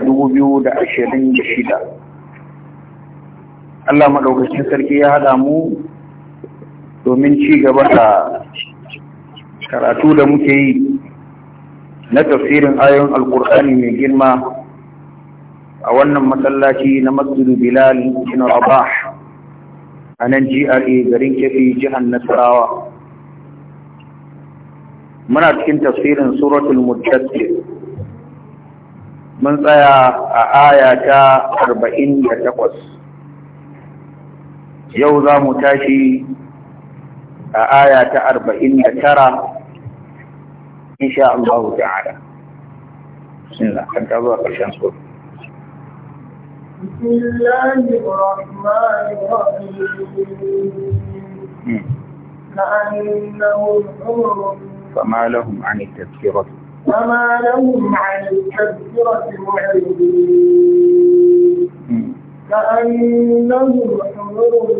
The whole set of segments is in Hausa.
A dubu shida Allah maɗaukacin sarki ya haɗa mu domin ci gaba da karatu da muke yi na tafsirin ayon alkur'ani mai girma a wannan masallaci na masjidu bilal bin rabah a nan gra garin kefi jihar nasarawa muna cikin tafsirin suratul muddassir mun tsaya a aya ta 48 yau za mu tashi a aya ta 49 insha Allah ta'ala bismillah zuwa ƙarshen su وما لهم عن الكبيرة معرضين كأنهم حمر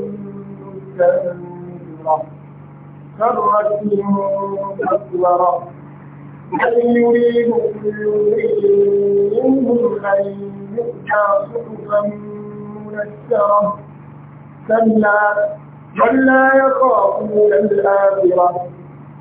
مستنيرة فرت من قسورة بل يريد كل منهم أن يؤتى صحفا منشرة كلا بل لا يخافون الآخرة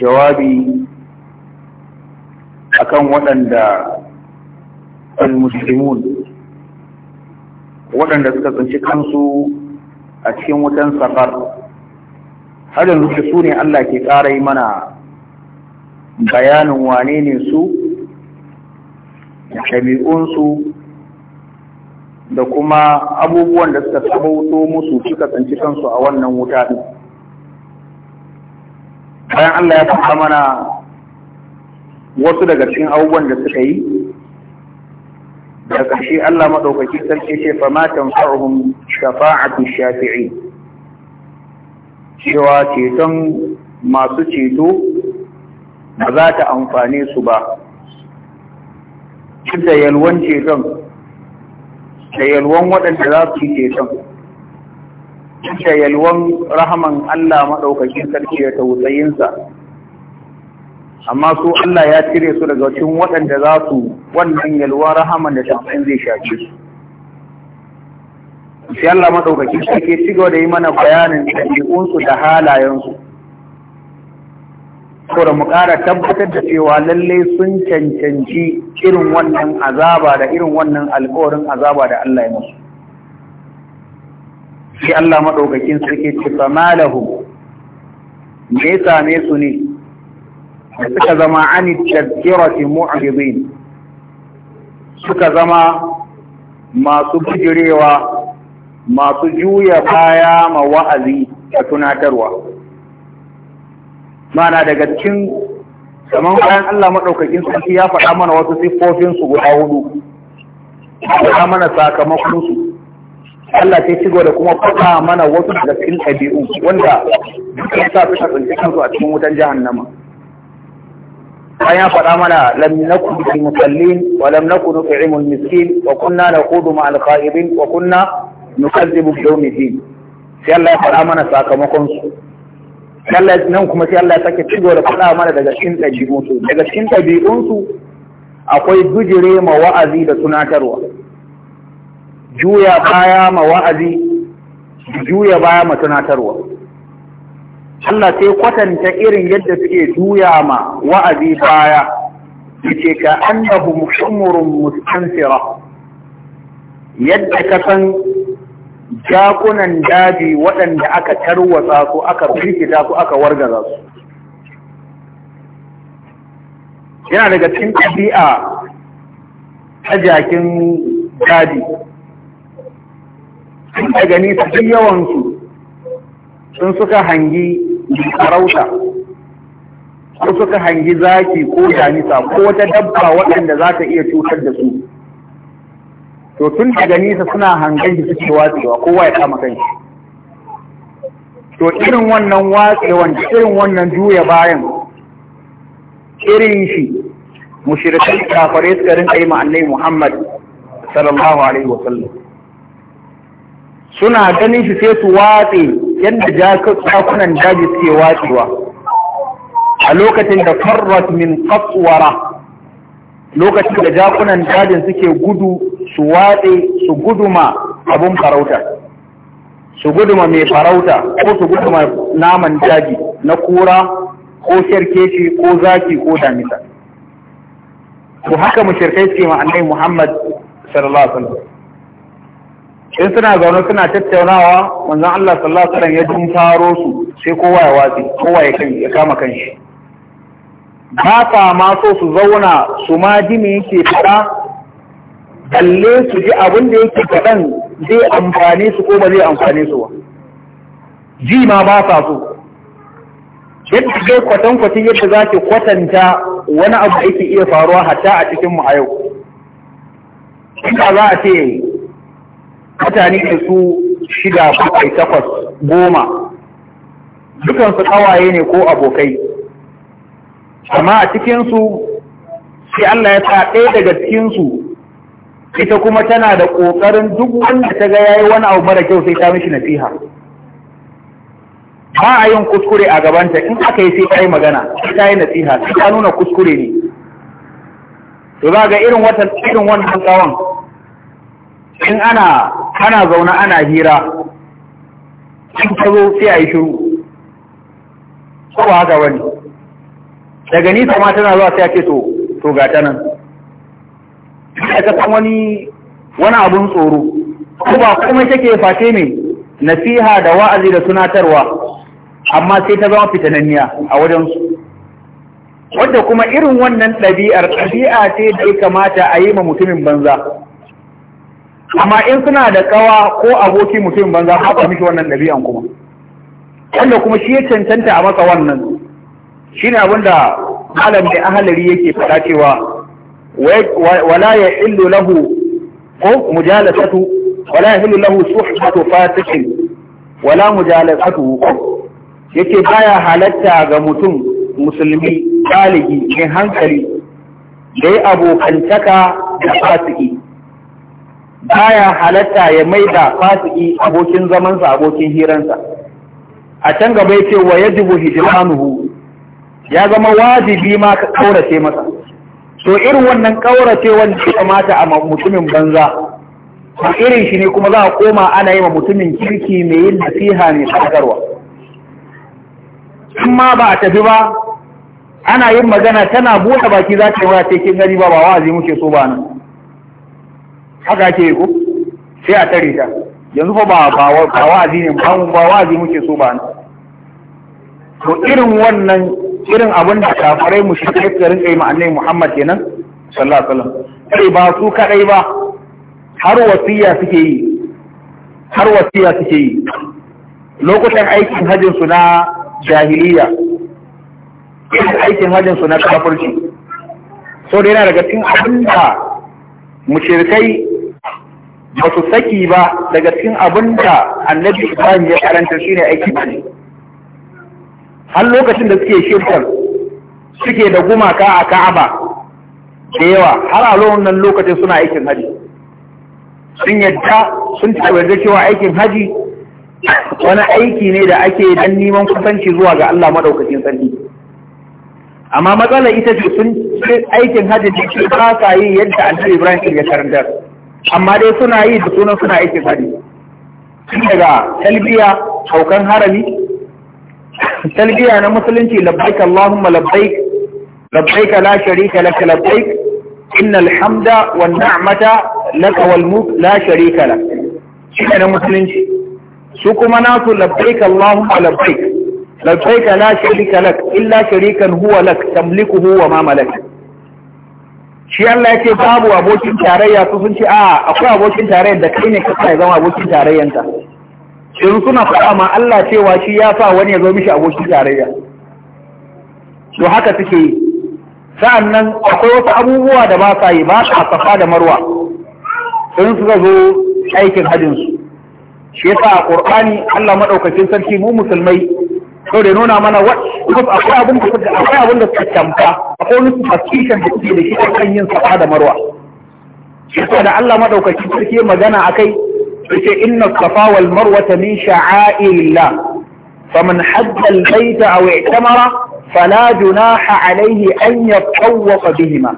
jawabi akan waɗanda al-muslimun waɗanda suka tsinci kansu a cikin wutan safar har su su ne Allah ke ƙara yi mana bayanin wane ne su shabi'unsu, da kuma abubuwan da suka sabauto musu suka tsinci kansu a wannan wuta ɗin bayan Allah ya faɗa mana wasu daga cikin abubuwan da suka yi da ƙarshe Allah maɗaukaki sarki ce fa ma tanfa'uhum shafa'atu shafi'i cewa ceton masu ceto ba za ta amfane su ba duk da yalwan ceton da yalwan waɗanda za su yi ceton duk yalwan rahaman Allah maɗaukakin sarki da tausayinsa amma su Allah ya cire su daga cikin waɗanda za su wannan yalwa rahaman da tausayin zai shafe su sai Allah maɗaukakin sarki ci gaba da yi mana bayanin ɗabi'unsu da halayensu saboda mu ƙara tabbatar da cewa lallai sun cancanci irin wannan azaba da irin wannan alƙawarin azaba da Allah ya musu shi Allah maɗaukakin sarki ce me ya same su ne da suka zama an tazkirati suka zama masu bijirewa masu juya baya ma wa'azi da tunatarwa mana daga cikin kamar bayan Allah maɗaukakin sarki ya faɗa mana wasu siffofinsu guda hudu ya mana sakamakonsu Allah sai ci da kuma faɗa mana wasu daga cikin ɗabi'u wanda duka ya sa suka tsinci kansu a cikin wutan jahannama. An ya faɗa mana lam naku bil musallin wa lam naku nut'imul miskin wa kunna naqudu ma al qa'ibin wa kunna nukazzibu bi yawmiddin. Sai Allah ya faɗa mana sakamakon su. Allah nan kuma sai Allah ya sake ci da faɗa mana daga cikin ɗabi'un su. Daga cikin ɗabi'un su akwai gujire ma wa'azi da tunatarwa. juya baya ma wa'azi juya baya ma tunatarwa Allah sai kwatanta irin yadda suke juya ma wa'azi baya yace ka annahu muhammurun mustansira yadda ka san jakunan daji waɗanda aka tarwatsa ko aka rikita ko aka wargaza su yana daga cikin tabi'a ta jakin daji sun gani nisa duk yawansu sun suka hangi karauta ko suka hangi zaki ko damisa ko wata dabba waɗanda za ta iya cutar da su to tun daga nisa suna hangen shi suke watsewa kowa ya kama kanshi to irin wannan watsewan irin wannan juya bayan irin shi mushirikai kafare suka rinka yi ma annabi Muhammad sallallahu alaihi wa sallam. suna ganin shi sai su watse yadda jakunan daji suke watsewa a lokacin da farrat min qaswara lokacin da jakunan dajin suke gudu su watse su guduma abun farauta su guduma mai farauta ko su guduma naman daji na kura ko sharkeci ko zaki ko damisa to haka mushrikai suke ma Muhammad sallallahu alaihi wasallam in suna zaune suna tattaunawa manzon Allah sallallahu alaihi wasallam ya taro su sai kowa ya watsi kowa ya kai ya kama kanshi ba ta ma so su zauna su ma ji me yake fada balle su ji abin da yake fadan zai amfane su ko ba zai amfane su ba ji ma ba sa so yadda kwatan kwatankwacin yadda za ki kwatanta wani abu da yake iya faruwa hatta a cikin mu a yau. Ina za a ce mutane ne su shida bakwai takwas goma dukansu kawaye ne ko abokai amma a cikinsu sai Allah ya sa ɗaya daga cikinsu ita kuma tana da ƙoƙarin duk wanda ta ga yayi wani abu mara kyau sai ta mishi nasiha ba a yin kuskure a gabanta in aka yi sai ta yi magana sai ta yi nasiha sai ta nuna kuskure ne to za ga irin irin wannan tsawon in ana ana zauna ana hira in ka zo sai a yi shiru ko ba haka wani daga nisa ma tana zuwa sai ake to to ga ta nan sai ka san wani wani abun tsoro ko ba kuma take fate ne nasiha da wa'azi da tunatarwa amma sai ta zama fitananniya a wajen su wadda kuma irin wannan ɗabi'ar ɗabi'a ce da ya kamata a yi ma mutumin banza amma in suna da kawa ko aboki mutum banza haka miki wannan ɗabi'an kuma wanda kuma shi ya cancanta a masa wannan shi ne abinda malam da ahalari yake faɗa cewa wala ya illu lahu ko mujalasatu wala ya illu lahu suhbatu fasikin wala mujalasatu yake baya halatta ga mutum musulmi baligi mai hankali da ya abokantaka da fasiki baya halatta ya maida fasiki abokin zamansa abokin hiransa a can gaba yake wa yajibu hijranuhu ya zama wajibi ma ka kaurace masa to irin wannan kaurace wanda ya kamata a mutumin banza A irin shi ne kuma za a koma ana yi wa mutumin kirki mai yin nasiha mai sadarwa in ma ba a tafi ba ana yin magana tana buɗe baki za ta yi wa ce kin gani ba ba wa'azi muke so ba nan haka ake yi ko sai a tare ta yanzu fa ba ba wa'azi ne ba ba wa'azi muke so ba to irin wannan irin abin da kafarai mu shi kai garin kai ma annabi Muhammad kenan sallallahu alaihi wasallam sai ba su kadai ba har wasiya suke yi har wasiya suke yi lokutan aikin hajjin su na jahiliya aikin hajjin su na kafirci so da yana daga cikin abin da mushrikai ba su saki ba daga cikin abin da annabi Ibrahim ya karanta ne aiki bane. har lokacin da suke shirkar suke da gumaka a Ka'aba da yawa har a lokacin lokacin suna aikin haji. sun yadda sun tabbatar cewa aikin haji wani aiki ne da ake dan neman kusanci zuwa ga Allah madaukakin sarki amma matsalar ita ce sun aikin hajji da ke ba yadda annabi Ibrahim ya karanta amma dai suna yi da sunan suna aiki sadi daga talbiya haukan harami talbiya na musulunci labbaik Allahumma labbaik labbaik la sharika lak labbaik innal hamda wan ni'mata lak wal mulk la sharika lak shine na musulunci su kuma nasu labbaik Allahumma labbaik labbaik la sharika lak illa sharikan huwa lak tamliku huwa ma malaka shi Allah ya ce babu abokin tarayya su sun ce a akwai abokin tarayyar da kai ne ka ya zama abokin tarayyanta in suna faɗa ma Allah cewa shi ya sa wani ya zo mishi abokin tarayya to haka suke yi Sa'annan akwai wasu abubuwa da ba sa yi ba sa safa da marwa sun suka zo aikin hajjinsu shi yasa a ƙur'ani Allah maɗaukacin sarki mu musulmai sau da nuna mana wa akwai abin da suka akwai abin da suka tamfa akwai wani da suke da shi a kan yin safa da marwa yasa da Allah madaukaki sarki magana akai yace inna safa wal marwa min sha'airillah faman hajja al baita aw i'tamara fala junaha alayhi an yatawwafa bihima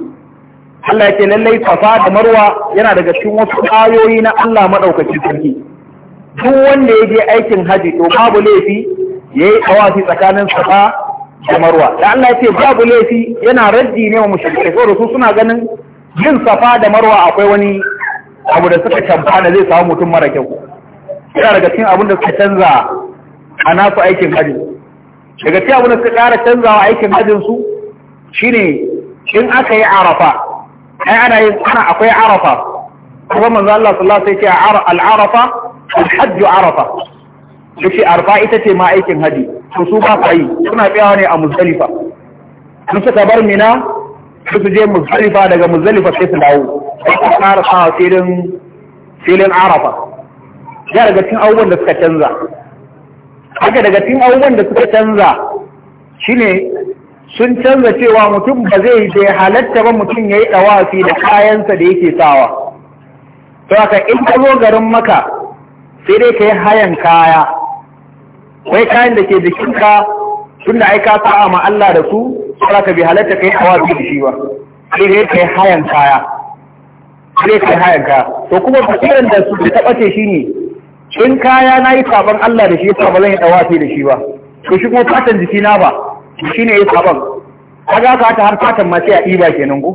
Allah yake lallai safa da marwa yana daga cikin wasu ayoyi na Allah madaukakin sarki duk wanda ya je aikin haji to babu laifi yayi tawafi tsakanin safa da marwa da Allah ya ce babu laifi yana raddi ne wa mushrikai saboda su suna ganin yin safa da marwa akwai wani abu da suka canfa da zai samu mutum mara kyau yana daga cikin abin da suka canza a nasu aikin hajji daga cikin abin da suka ƙara canzawa aikin hajjin su shine in aka yi arafa ai ana yin ana akwai arafa kuma manzo Allah sallallahu alaihi wasallam sai ce al-arafa al-hajj arafa ce arfa ita ce ma aikin haji to su ba fa'i suna tsayawa ne a muzalifa in suka bar mina su je muzalifa daga muzalifa sai su dawo sai su fara sa filin filin arafa ya daga cikin abubuwan da suka canza haka daga cikin abubuwan da suka canza shine sun canza cewa mutum ba zai da halatta ba mutum ya yi ɗawafi da kayansa da yake sawa. To haka in ka zo garin maka sai dai ka yi hayan kaya wai kayan da ke jikinka tun da aika sa'a ma Allah da su tsara ka bi halatta kai hawa biyu da shi ba sai ne kai hayan kaya sai kai hayan kaya to kuma basiran da su ta ce shi ne in kaya na yi saban Allah da shi yasa ba zan yi dawafi da shi ba to shi kuma fatan na ba shi ne ya saban kaga ka ta har fatan ma sai a iba kenan ko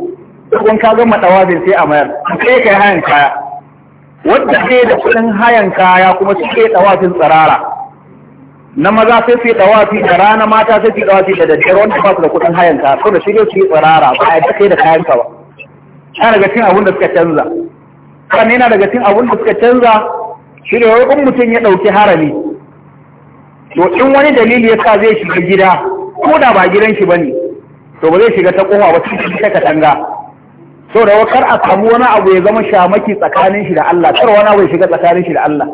kun ka gama dawabin sai a mayar sai kai hayan kaya wanda ke da kudin hayan kaya kuma suke dawafin tsarara. na maza sai su yi fi da rana mata sai su yi fi da daddare wanda ba su da kuɗin hayan ka da shi ne su yi tsirara ba a yadda kai da kayan ka ba yana daga cin abun da suka canza sannan yana daga cin abun da suka canza shi ne wani mutum ya ɗauki harami to in wani dalili ya sa zai shiga gida ko da ba gidan shi bane to ba zai shiga ta kofa ba sai ta katanga so da kar a samu wani abu ya zama shamaki tsakanin shi da Allah kar wani abu ya shiga tsakanin shi da Allah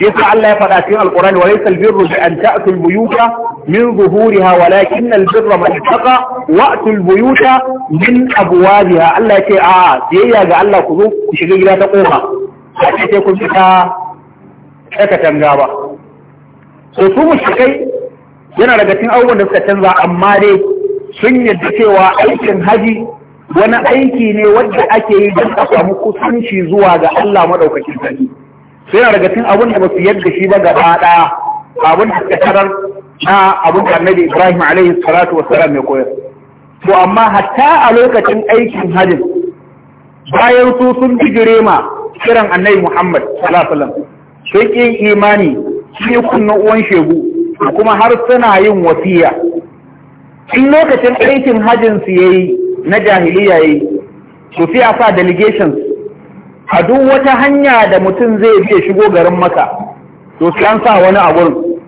shi yasa Allah ya faɗa cikin Alƙurani wa laysal birru bi an ta'tul buyuta min zuhuriha walakin al birra man taqa wa atul buyuta min abwabiha Allah ya ce a biyayya ga Allah ku zo ku shiga gida ta kofa a ce sai ku fita ta katanga ba so su mushrikai yana daga cikin abubuwan da suka canza amma dai sun yadda cewa aikin haji wani aiki ne wadda ake yi don a samu kusanci zuwa ga Allah maɗaukakin sarki suna daga cikin abin da ba su yadda shi ba gaba ɗaya abin da suka tarar na abin da annabi ibrahim alaihi salatu wassalam ya koyar to amma hatta a lokacin aikin hajjin bayan su sun bijire ma kiran annabi muhammad sallallahu alaihi sun imani shi kunna uwan shegu kuma har suna yin wasiya in lokacin aikin hajjin su yayi na jahiliya yayi to sai a sa delegations a duk wata hanya da mutum zai fiye shigo garin maka to su an sa wani abu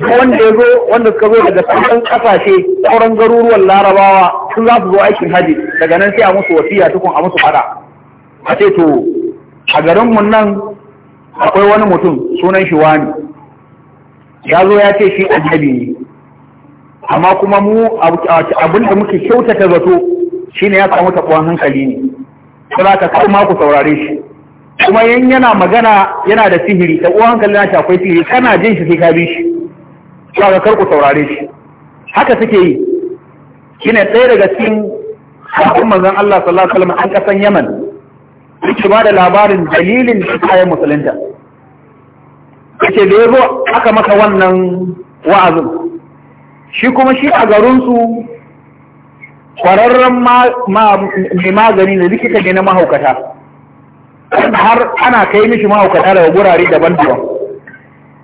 wanda ya zo wanda suka zo daga sauran kasashe sauran garuruwan larabawa sun za su zo aikin haji daga nan sai a musu wasiya tukun a musu fada a ce to a garinmu nan akwai wani mutum sunan shi wani ya zo ya ce shi annabi ne amma kuma mu abin da muke kyautata zato shine ya samu taɓuwan hankali ne kuma ka kai ma ku saurare shi kuma yan yana magana yana da sihiri da uwan hankali na akwai sihiri kana jin shi sai ka bi shi Za ka kar ku saurare shi haka suke yi Kina ɗaya daga cikin sahabban manzon Allah sallallahu alaihi wasallam an kasan Yaman yake ba da labarin dalilin da kayan musulunta yace da yazo aka maka wannan wa'azin shi kuma shi a garinsu kwararren mai magani da likita ne na mahaukata har ana kai mishi mahaukata daga gurare daban-daban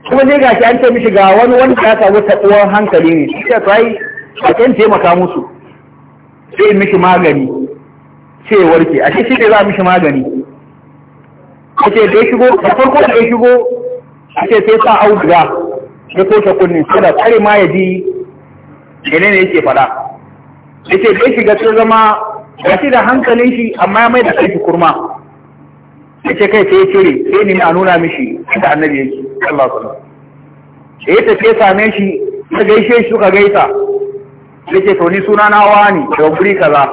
kuma ne gashi an ce mishi ga wani wanda ya samu taɓuwar hankali ne shi ya tsayi a kan taimaka musu sai mishi magani sai ya warke a shi ne za mishi magani a ce da ya shigo da farko da ya shigo a ce sai sa auduga ya toshe kunnin sai da kare ma ya ji ne yake faɗa yace da shiga zama gashi da hankalin shi amma ya mai da kai kurma yace kai sai ya sai ne a nuna mishi da annabi yake Allah sallallahu alaihi wasallam sai same shi ta gaishe shi suka gaisa yace to ni suna na wani da guri kaza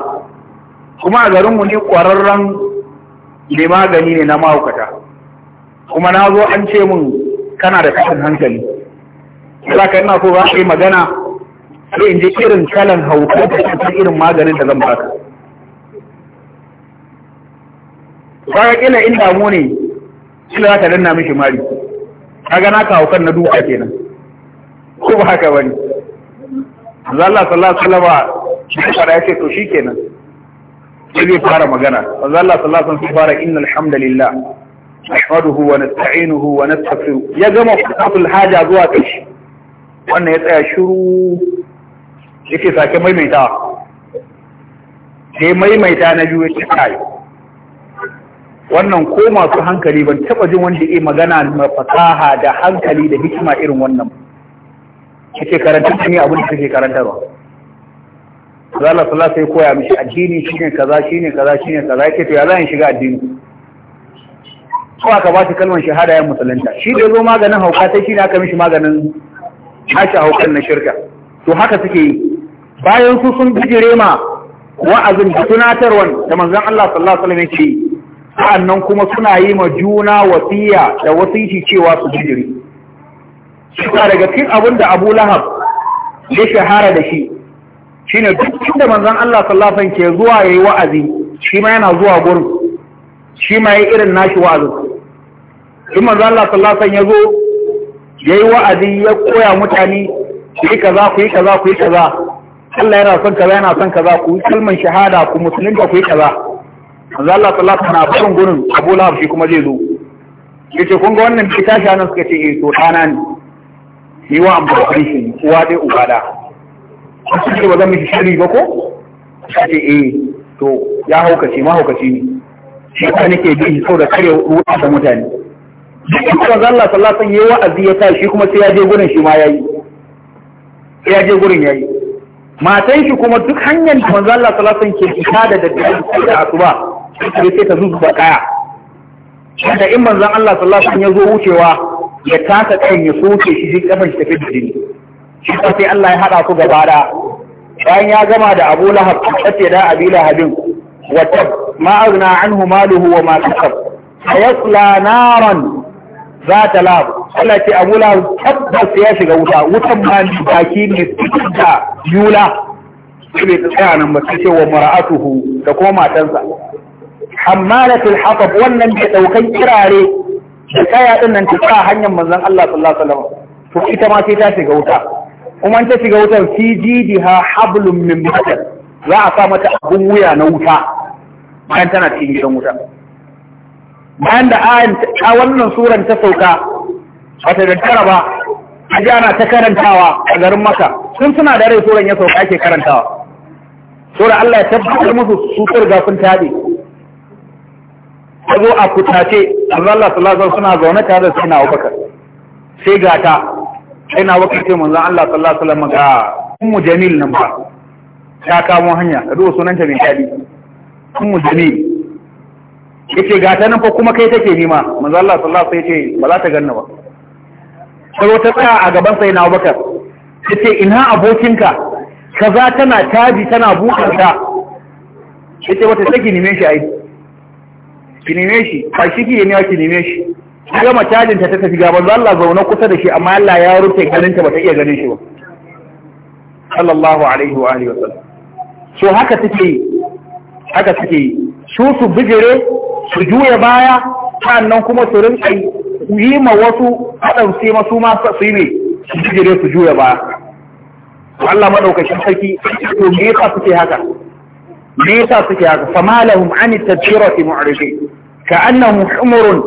kuma a garin mu ne kwararren ne magani ne na mahaukata kuma na zo an ce mun kana da kashin hankali. Za ka so za ka yi magana sai in je irin kalan hauka da kasar irin maganin da zan baka bayan kila in damu ne kila za ka danna mishi mari kaga na ka haukan na duka kenan ko ba haka bane Allah sallallahu alaihi wasallam shi fara yace to shikenan sai zai fara magana Allah sallallahu alaihi wasallam fara innal hamdalillah nahmaduhu ونستعينه ونستغفره wa nastaghfiruh ya gama fatul haja zuwa wannan ya tsaya shiru yake sake maimaitawa sai maimaita na biyu yake kai wannan ko masu hankali ban taba jin wanda yake magana na fasaha da hankali da hikima irin wannan yake karanta ne abin da karanta karantarwa Allah sallallahu alaihi koya mishi addini shine kaza shine kaza shine kaza yake to ya zan shiga addini ko aka ba shi kalmar shahada ya musulunta shi da zo maganin hauka sai shi ne aka mishi maganin hashi haukan na shirka to haka suke yi bayan su sun bijire ma wa'azin da tunatarwan da manzon Allah sallallahu alaihi wasallam yake sa'annan kuma suna yi ma juna wasiya da wasiyi cewa su bijire shi daga cikin abin da Abu Lahab ya shahara da shi shine duk inda manzon Allah sallallahu alaihi wasallam ke zuwa yayi wa'azi shi ma yana zuwa gurin shi ma yayi irin nashi wa'azi in manzon Allah sallallahu alaihi wasallam ya zo yayi wa'azi ya koya mutane ku yi kaza ku yi kaza ku yi kaza Allah yana son kaza yana son kaza ku yi kalman shahada ku da ku yi kaza manzo Allah sallallahu alaihi wasallam barin gurin Abu Lahab shi kuma zai zo yace kun ga wannan tasha nan suka ce eh to dana ne yi wa amfani shi uwa dai uba da shi ba zan miki shiri ba ko ce eh to ya haukace ma haukace ne shi ka nake bi so da kare ruwa da mutane duk da manzo Allah sallallahu alaihi wasallam yayi wa'azi ya tashi kuma sai ya je gurin shi ma yayi sai ya je gurin yayi matan shi kuma duk hanyar da manzo Allah sallallahu alaihi wasallam ke fita da daddare da asuba sai sai ta zuwa kaya da in manzo Allah sallallahu ya zo wucewa ya taka kan ya soke shi duk kafin shi tafi da jini shi sai Allah ya hada su gaba da bayan ya gama da Abu Lahab sai da Abi Lahabin wa tab ma anhu maluhu wa ma kasab sayasla naran za ta labu Allah ce a labu tabbas ya shiga wuta wutan ma ni baki ne da yula sai bai tsaya nan mace ce wa mara'atuhu da kuma matansa hammalatul hatab wannan da daukan kirare da tsaya din nan ta sa hanyar manzon Allah sallallahu alaihi wasallam to ita ma sai ta shiga wuta kuma an ta shiga wutar fi jidiha hablum min za a sa mata abun wuya na wuta bayan tana cikin gidan wuta bayan da ayan ta wannan suran ta sauka wata da tara ba a ji ana ta karantawa a garin maka sun suna da rai suran ya sauka ake karantawa sura Allah ya tabbatar musu su ga sun tabe ta zo a kutace Allah sallallahu suna zaune tare da sai na Abubakar sai gata sai na Abubakar ce manzon Allah sallallahu alaihi wasallam ga ummu jamil nan ba ta kamo hanya ka duba sunanta mai dadi ummu jamil yace ga ta nan fa kuma kai take nima manzo Allah sallallahu alaihi wasallam yace ba za ta ganna ba sai wata tsaya a gaban sai na Abubakar yace ina abokinka kaza tana taji tana bukanta yace wata take nime shi ai ki nime shi ba shi ki nime ki nime shi ga matajin ta tafi ga manzo Allah zaune kusa da shi amma Allah ya rufe ganin ta ta iya ganin shi ba sallallahu alaihi wa alihi wasallam so haka take haka take su su bijire su juya baya sannan kuma su rinka yi ma wasu haɗauce masu masu su yi ne su jijire su juya baya Allah maɗaukacin sarki to me yasa suke haka me yasa suke haka fama lahum an tadbirati mu'ridi ka annahum humurun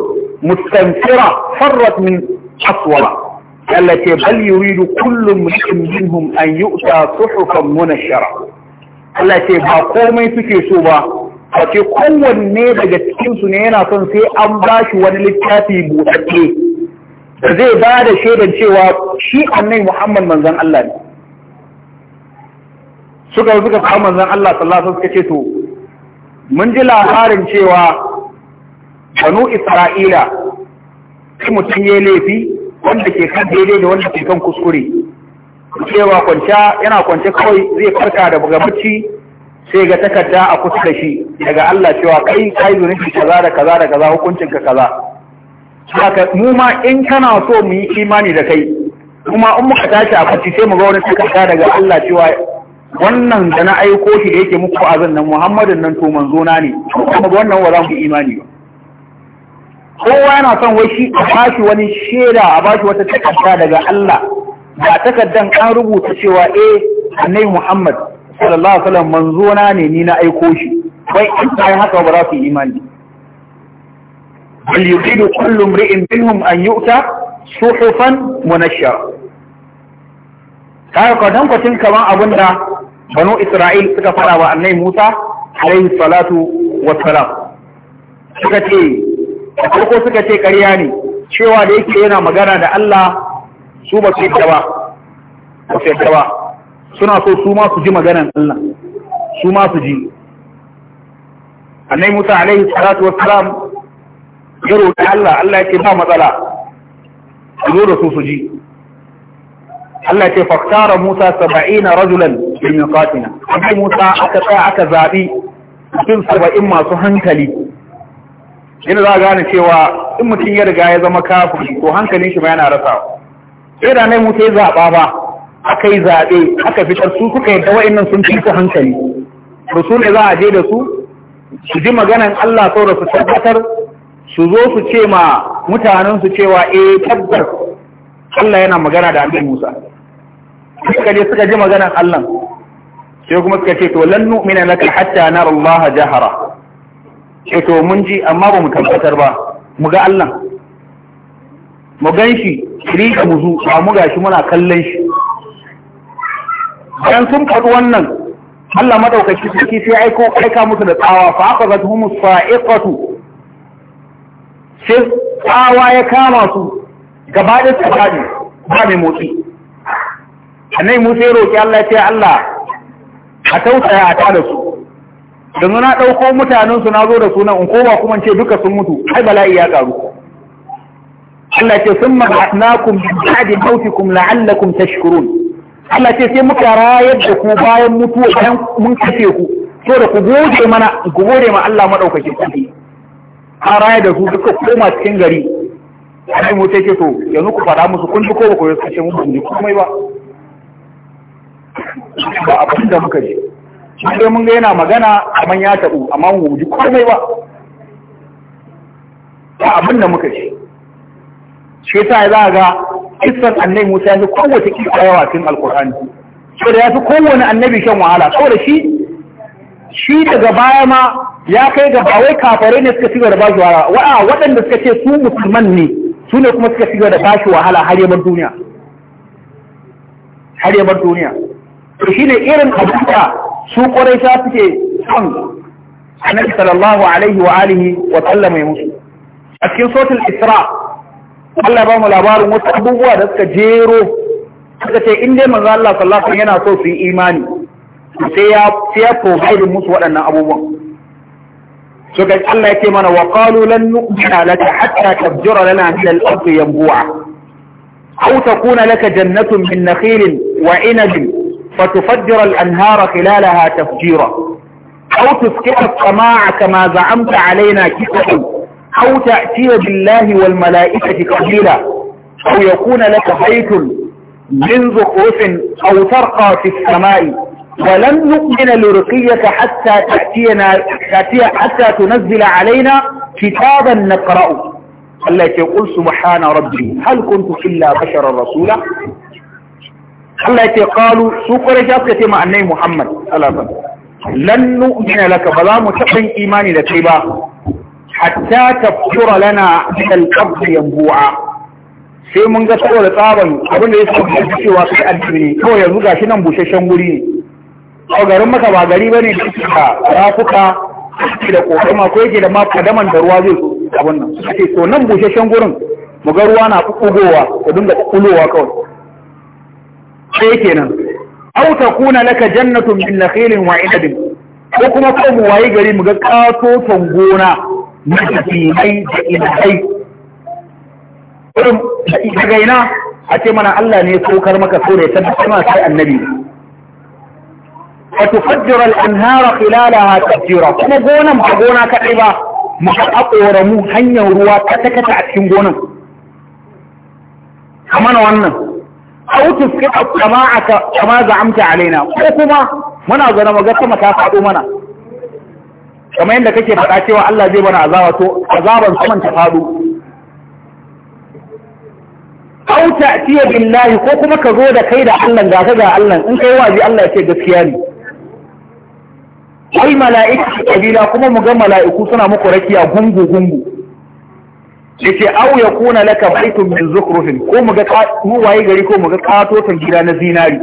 mustanfira farrat min aswala التي بل يريد كل مسلم منهم أن يؤتى صحفا منشرة ce ba komai suke so ba a ce kowanne daga cikinsu ne yana son sai an ba shi wani littafi buɗaɗɗe da zai ba da shaidan cewa shi annai muhammad manzan Allah ne suka yi suka kawo manzan Allah sallallahu suka ce to mun ji labarin cewa banu isra'ila shi mutum ya laifi wanda ke kan daidai da wanda ke kan kuskure cewa kwanciya yana kwance kawai zai farka da buga bacci sai ga takarda a kusa da shi daga Allah cewa kai kai shi kaza da kaza da kaza hukuncin ka kaza haka mu ma in kana so mu yi imani da kai kuma in muka tashi a fashi sai mu ga wani takarda daga Allah cewa wannan da na aiko shi da yake muku azan nan Muhammadin nan to manzo na ne kuma ga wannan wa za mu yi imani ba kowa yana son wai shi a bashi wani shaida a bashi wata takarda daga Allah ba takardan an rubuta cewa eh annabi Muhammad sallallahu alaihi wasallam manzo na ne ni na aiko shi wai in ta yi haka ba za su yi imani bal yuridu kullu imri'in minhum an yu'ta suhufan munashshara kaga kwadan kwatin kaman abin da banu isra'il suka fada wa annai musa alaihi salatu wassalam suka ce a suka ce ƙarya ne cewa da yake yana magana da allah su ba su yadda ba ba su yadda ba suna so su ma su ji maganan Allah su ma su ji annai Musa alaihi salatu wassalam ya roƙi Allah Allah ya ce ba matsala a zo da su su ji Allah ce faktara Musa saba'ina rajulan min miqatina annai Musa aka tsaya aka zaɓi cikin saba'in masu hankali yana za a gane cewa in mutum ya riga ya zama kafin ko hankalin shi ba yana rasa. sai da nai Musa ya zaɓa ba aka yi zaɓe aka fitar su suka yadda wa'annan sun fi hankali su ne za a je da su su ji maganan Allah sau da su tabbatar su zo su ce ma mutanen su cewa eh tabbar Allah yana magana da Annabi Musa suka je suka ji maganan Allah sai kuma suka ce to lan nu'mina laka hatta nara Allah jahara ce to mun ji amma ba mu tabbatar ba mu ga Allah mu gan shi shiri mu zu ba mu gashi muna kallon shi bayan sun faɗi wannan Allah madaukaki sarki sai aiko aika musu da tsawa fa aka akhadhatuhum sa'iqatu sai tsawa ya kama su gaba da tsadi ba mai motsi annai Musa ya roki Allah ya ce Allah a tausaya a tada su yanzu na ɗauko mutanensu na zo da sunan in koma kuma ce duka sun mutu ai bala'i ya ƙaru Allah ce sun ma'atnakum bi ba'di mautikum la'allakum tashkurun Allah ce sai muka rayar da ku bayan mutuwa bayan mun kashe ku so da ku gode mana ku gode ma Allah madaukake ku a rayar da su duka koma cikin gari sai mu take to yanzu ku fara musu kun duka ko ba ku yi kashe mun ji komai ba ba abin da muka ji sai mun ga yana magana kamar ya tabu amma mu ji komai ba ba abin da muka ji shi yasa za ga kissan annabi Musa ya fi kowace kissa yawa cikin Alkur'ani saboda ya fi kowane annabi shan wahala saboda shi shi daga baya ma ya kai ga ba wai kafare ne suka cigaba da bashi wahala wa'a waɗanda suka ce su musulman ne su ne kuma suka cigaba da bashi wahala har yabar duniya har yabar duniya to shine irin abin su ƙwarai ƙuraisha suke son annabi sallallahu alaihi wa alihi wa sallama ya musu a cikin sotul isra Allah ba mu labarin wasu abubuwa da suka jero suka ce in dai manzo Allah sallallahu alaihi wasallam yana so su yi imani sai ya sai ya provide musu waɗannan abubuwan so ga Allah yake mana wa qalu lan nu'mina laka hatta tabjura lana min al-ardi yanbu'a aw takuna laka jannatun min nakhilin wa 'inabin fatufajjira al-anhara khilalaha tafjira aw tusqita as-samaa'a kama za'amta أو تأتي بالله والملائكة قبيلا أو يكون لك بيت من زخرف أو ترقى في السماء ولن نؤمن لرقيك حتى تأتينا تأتي حتى تنزل علينا كتابا نقرأ التي يقول سبحان ربي هل كنت إلا بشرا رسولا التي قالوا سكر شاسكة مع أني محمد لن نؤمن لك بلا متقن إيماني لكي hatta tafkura lana min al yanbu'a sai mun ga saboda tsaban abin da ya saba samu cewa sai addini ne kawai yanzu shi nan busheshen guri ne a garin maka ba gari ba ne da suka rafuka da kokoma ko yake da ma kadaman da ruwa zai abin nan sai to nan busheshen gurin mu ga ruwa na kukugowa da dinga kukulowa kawai sai yake kenan aw takuna laka jannatun min nakhilin wa inabin ko kuma ko mu wayi gari mu ga katoton gona mutafinai da ilahai daga ina a ce mana Allah ne sokar maka so da ya tabbata ma sai annabi fa tufajjir al-anhara khilalaha tafjira kuma gonan ba gona kaɗai ba mu haƙora mu hanyar ruwa kata kata a cikin gonan kamar wannan aw tusqita sama'aka kama za'amta alaina ko kuma muna zo na maga sama ta faɗo mana kamar yadda kake faɗa cewa Allah zai bana azaba to azaban saman ta faɗo aw ta'tiya billahi ko kuma ka zo da kai da Allah ga ga Allah in kai wazi Allah ya gaskiya ne ai mala'ika kabila kuma mu ga mala'iku suna muku rakiya gungu gungu yace aw yakuna laka baitun min zukhrufin ko mu ga mu waye gari ko mu ga katotan gida na zinari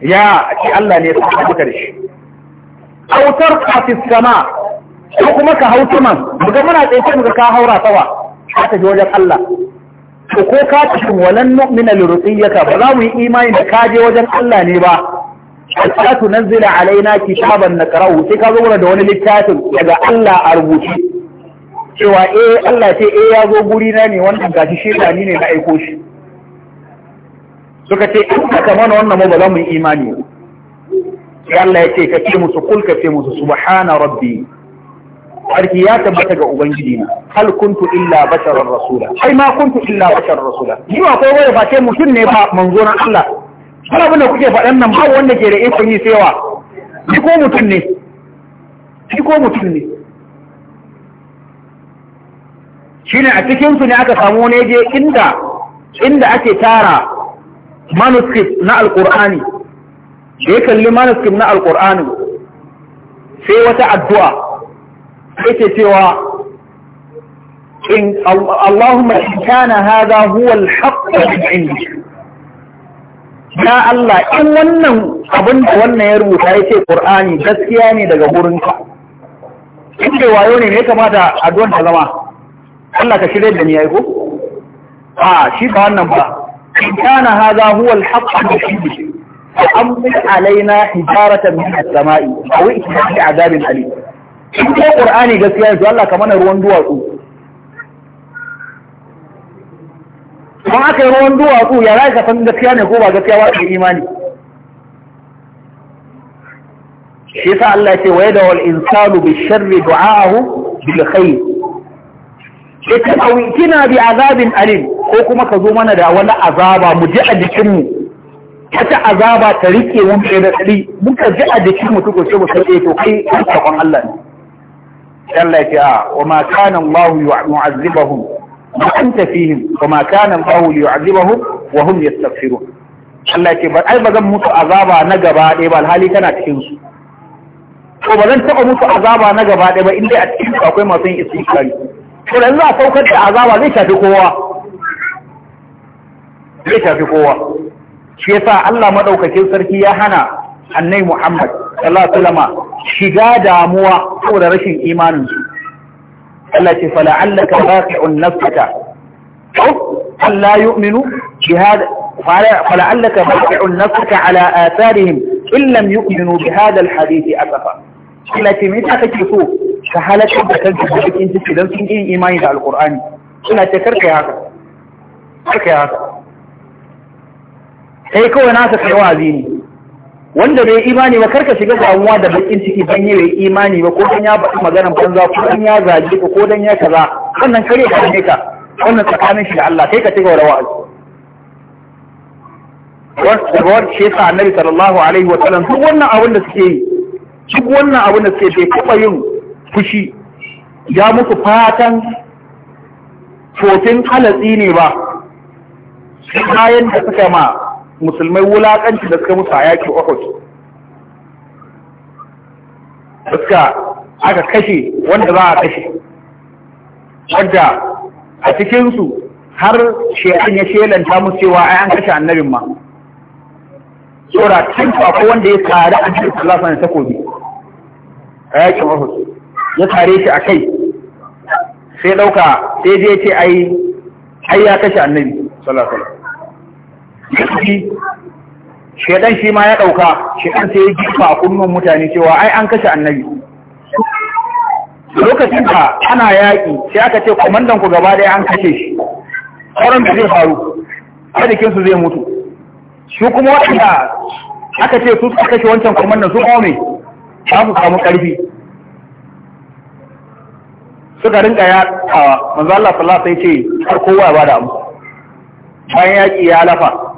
ya ce Allah ne ya saka maka da shi aw tarqa sama ko kuma ka hau sama, mu muga muna tsaye muga ka haura sawa ka tafi wajen Allah to ko ka tafi walan nu'mina li ruqiyaka ba za mu yi imani da ka je wajen Allah ne ba hatta tunzila alaina kitaban naqra'u sai ka zo da wani littafin daga Allah a rubuce cewa eh Allah ce eh ya zo guri na ne wannan gashi shedani ne na aiko shi suka ce in ka mana wannan mu ba za mu yi imani sai Allah ya ce ka ce musu kul ka ce musu subhana rabbi sarki ya tabbata ga ubangiji na hal kuntu illa basharar rasula ai ma kuntu illa basharar rasula ni ba ko wai ba ce mutum ne ba manzo na Allah har abin da kuke faɗan nan ba wanda ke da ikon yi sewa ni ko mutum ne ni ko mutum ne shine a cikin su ne aka samu ne je inda inda ake tara manuscript na alqur'ani da ya kalli manuscript na alqur'ani sai wata addu'a yake cewa in Allahumma in kana hadha huwa al-haqq ya Allah in wannan abin da wannan ya rubuta yace Qur'ani gaskiya ne daga gurinka in da wayo ne ne kamata addu'an ta zama Allah ka shirye da ni yayi ko a shi ba wannan ba in kana hadha huwa al-haqq min amdir alaina hijaratan min as-sama'i aw ikhlasi 'adabin alim in ko qur'ani gaskiya yanzu Allah ka mana ruwan duwatsu kuma aka yi ruwan duwatsu ya rai kasan san gaskiya ne ko ba gaskiya ba da imani shi yasa Allah ya ce wa yada wal insanu bi sharri du'a'ahu bil khair ita awitina bi azabin alim ko kuma ka zo mana da wani azaba mu ji a jikinmu wata azaba ta rike mun da ɗari muka ji a jikinmu tuko ce mu sai to kai sakon Allah ne Allah ya ce a ah, wa ma kana Allah yu'azzibuhum ma anta fihim wa ma kana Allah yu'azzibuhum wa hum yastaghfirun Allah ya ce ba ai bazan zan mutu azaba na gaba ɗaya ba alhali kana cikin su to bazan taba taɓa mutu azaba na gaba ɗaya ba in dai a cikin su akwai masu yin istighfari to yanzu za a saukar da azaba zai shafi kowa zai shafi kowa shi yasa Allah madaukakin sarki ya hana annai Muhammad sallallahu alaihi wasallam shiga damuwa saboda rashin imanin su Allah ce fa la'allaka baqi'un nafsaka Allah ya yu'minu bihada la'allaka baqi'un nafsaka ala atharihim in lam yu'minu bihada alhadith asafa Allah ce me yasa kake so ka halaka da kanka da cikin ciki dan sun yi imani da alqur'ani suna ce karkai haka karkai haka ko na naka karwa azini wanda bai imani ba karka shiga damuwa da bakin ciki dan yi bai imani ba ko dan ya faɗi maganar banza ko dan ya zage ka ko dan ya kaza wannan kare ka ne ka wannan tsakanin shi da Allah sai ka ci gaba da wa'azi daga wani shi yasa annabi sallallahu alaihi wa sallam duk wannan abin da suke yi duk wannan abin da suke bai kuma yin fushi ya muku fatan fotin halatsi ne ba bayan da suka ma musulmai wulaƙanci da suka musu a yaƙi da suka aka kashe wanda za a kashe wadda a cikinsu har shekan ya shelanta musu cewa ai an kashe annabin ma saboda can ko wanda ya tare a cikin Allah sanin takobi a yakin ofis. ya tare shi a kai sai ɗauka sai je ce ai ai ya kashe annabi sallallahu shi shaidan shi ma ya ɗauka shaidan sai ya jifa a kunnuwan mutane cewa ai an kashe annabi lokacin da ana yaƙi sai aka ce kwamandan ku gaba ɗaya an kashe shi sauran da zai faru arzikin su zai mutu shi kuma waɗanda aka ce su suka kashe wancan kwamandan su kome za su samu ƙarfi suka rinka ya a manzo Allah sai ce har kowa ba da amsa bayan yaƙi ya lafa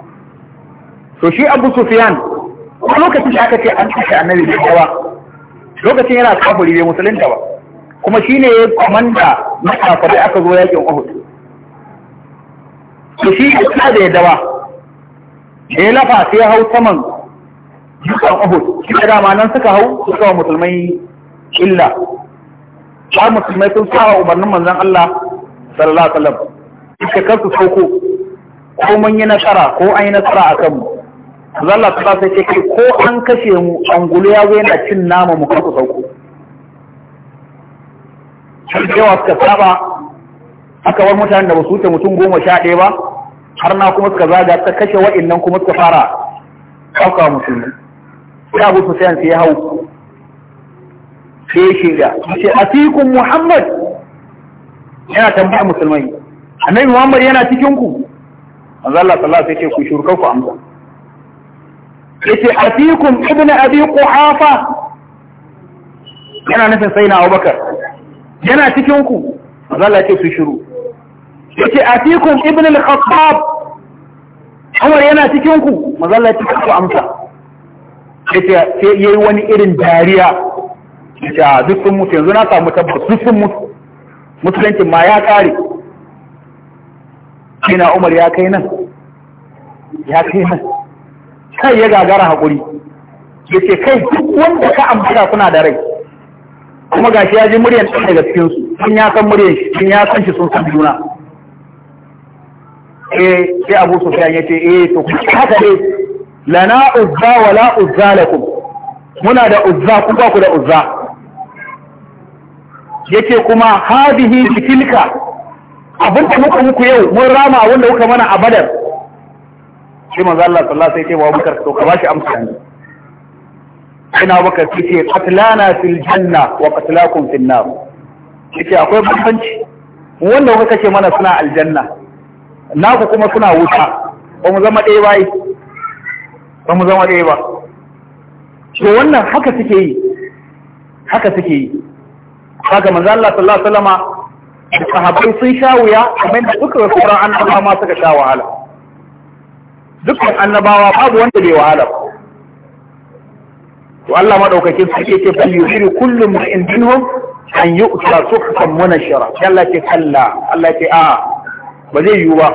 to shi abu sufiyan a lokacin da aka ce an kashe annabi da dawa, lokacin yana kafiri bai musulunta ba kuma shi ne ya kwamanda na kafirai aka zo yakin uhud to shi ya da ya dawa da ya lafa sai ya hau saman dutsen uhud shi da dama nan suka hau suka wa musulmai illa ba musulmai sun sa umarnin manzon Allah sallallahu alaihi wasallam suka kasu sauko ko mun yi nasara ko an yi nasara a kanmu Allah ta sai ce kai ko an kashe mu angulu ya zo yana cin nama mu kasu sauko har yawa suka saba aka bar mutanen da ba su wuce mutum goma sha ɗaya ba har na kuma suka zaga ta kashe wa'innan kuma suka fara ɗauka musulmi sai abu sufyan sai ya hau sai ya shiga ce cikin muhammad yana tambaya musulmai annabi muhammad yana cikin ku manzo Allah sallallahu alaihi wasallam sai ce ku shurkar ku amsa yace atikum ibnu abi quhafa yana nufin sai na abubakar yana cikin ku Allah ce su shiru yace atikum ibnu al-khattab Umar yana cikin ku ce su amsa yace sai yayi wani irin dariya yace ah, duk sun mutu yanzu na samu tabbas duk sun mutu musulunci ma ya kare ina Umar ya kai nan ya kai nan kai ya gagara haƙuri ya ce kai duk wanda ka ambata kuna da rai kuma gashi ya ji muryan ɗan daga cikinsu sun ya san muryan shi sun ya san shi sun san juna eh sai abu sufyan ya ce eh to ku haka ne lana uzza wa la uzza lakum muna da uzza ku ba ku da uzza Yace kuma hadihi tilka abin da muka muku yau mun rama wanda kuka mana a badar sai manzo Allah sallallahu alaihi wasallam ya ce wa Abubakar to ka bashi amsa ne ina Abubakar sai ce qatlana fil janna wa qatlakum fil nar yace akwai bambanci wanda kuka ce mana suna aljanna naku kuma suna wuta ba mu zama ɗaya bai ba mu zama ɗaya ba to wannan haka suke yi haka suke yi kaga manzo Allah sallallahu alaihi wasallama sahabbai sun sha wuya kamar da duka sauran annabawa ma suka sha wahala dukkan annabawa babu wanda bai wahala ba to Allah madaukakin sarki yake fa yuhiru kullum in minhum an yu'ta suhfan munashara Allah ce kalla Allah ce a ba zai yiwu ba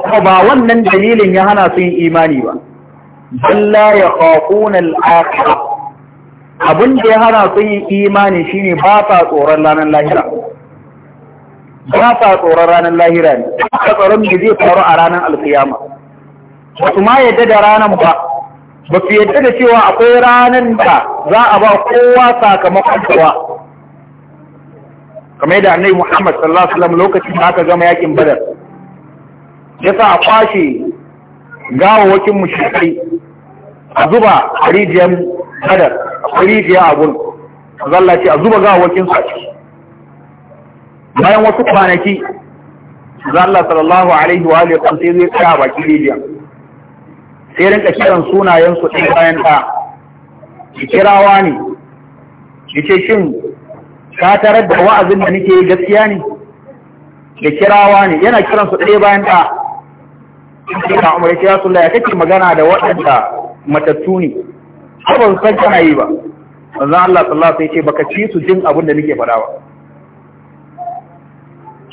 kuma ba wannan dalilin ya hana su yin imani ba balla ya khafuna al-akhirah abin da ya hana su yin imani shine ba sa tsoron ranar lahira ba sa tsoron ranar lahira ne ba tsoron da zai faru a ranar alkiyama ba su ma yadda da ranar ba ba su yadda da cewa akwai ranar da za a ba kowa sakamakon kowa kamar yadda annai muhammad sallallahu alaihi wasallam lokacin da aka gama yakin badar ya sa a kwashe gawawakin mushrikai a zuba a rijiyar badar a rijiya a Zallaci a zuba gawawakin su a bayan wasu kwanaki zalla sallallahu alaihi wa alihi wa sallam sai zai tsaya baki rijiyar sai rinka kiran sunayensu ɗin bayan ɗa ki kirawa ne ki ce shin ka tarar da wa'azin da nake gaskiya ne da kirawa ne yana kiran su ɗaya bayan ɗa shi na umar ya kira laya kake magana da waɗanda matattu ne har ba su san kana yi ba manzon Allah sallallahu alaihi ce baka ci su jin abin da nake faɗa ba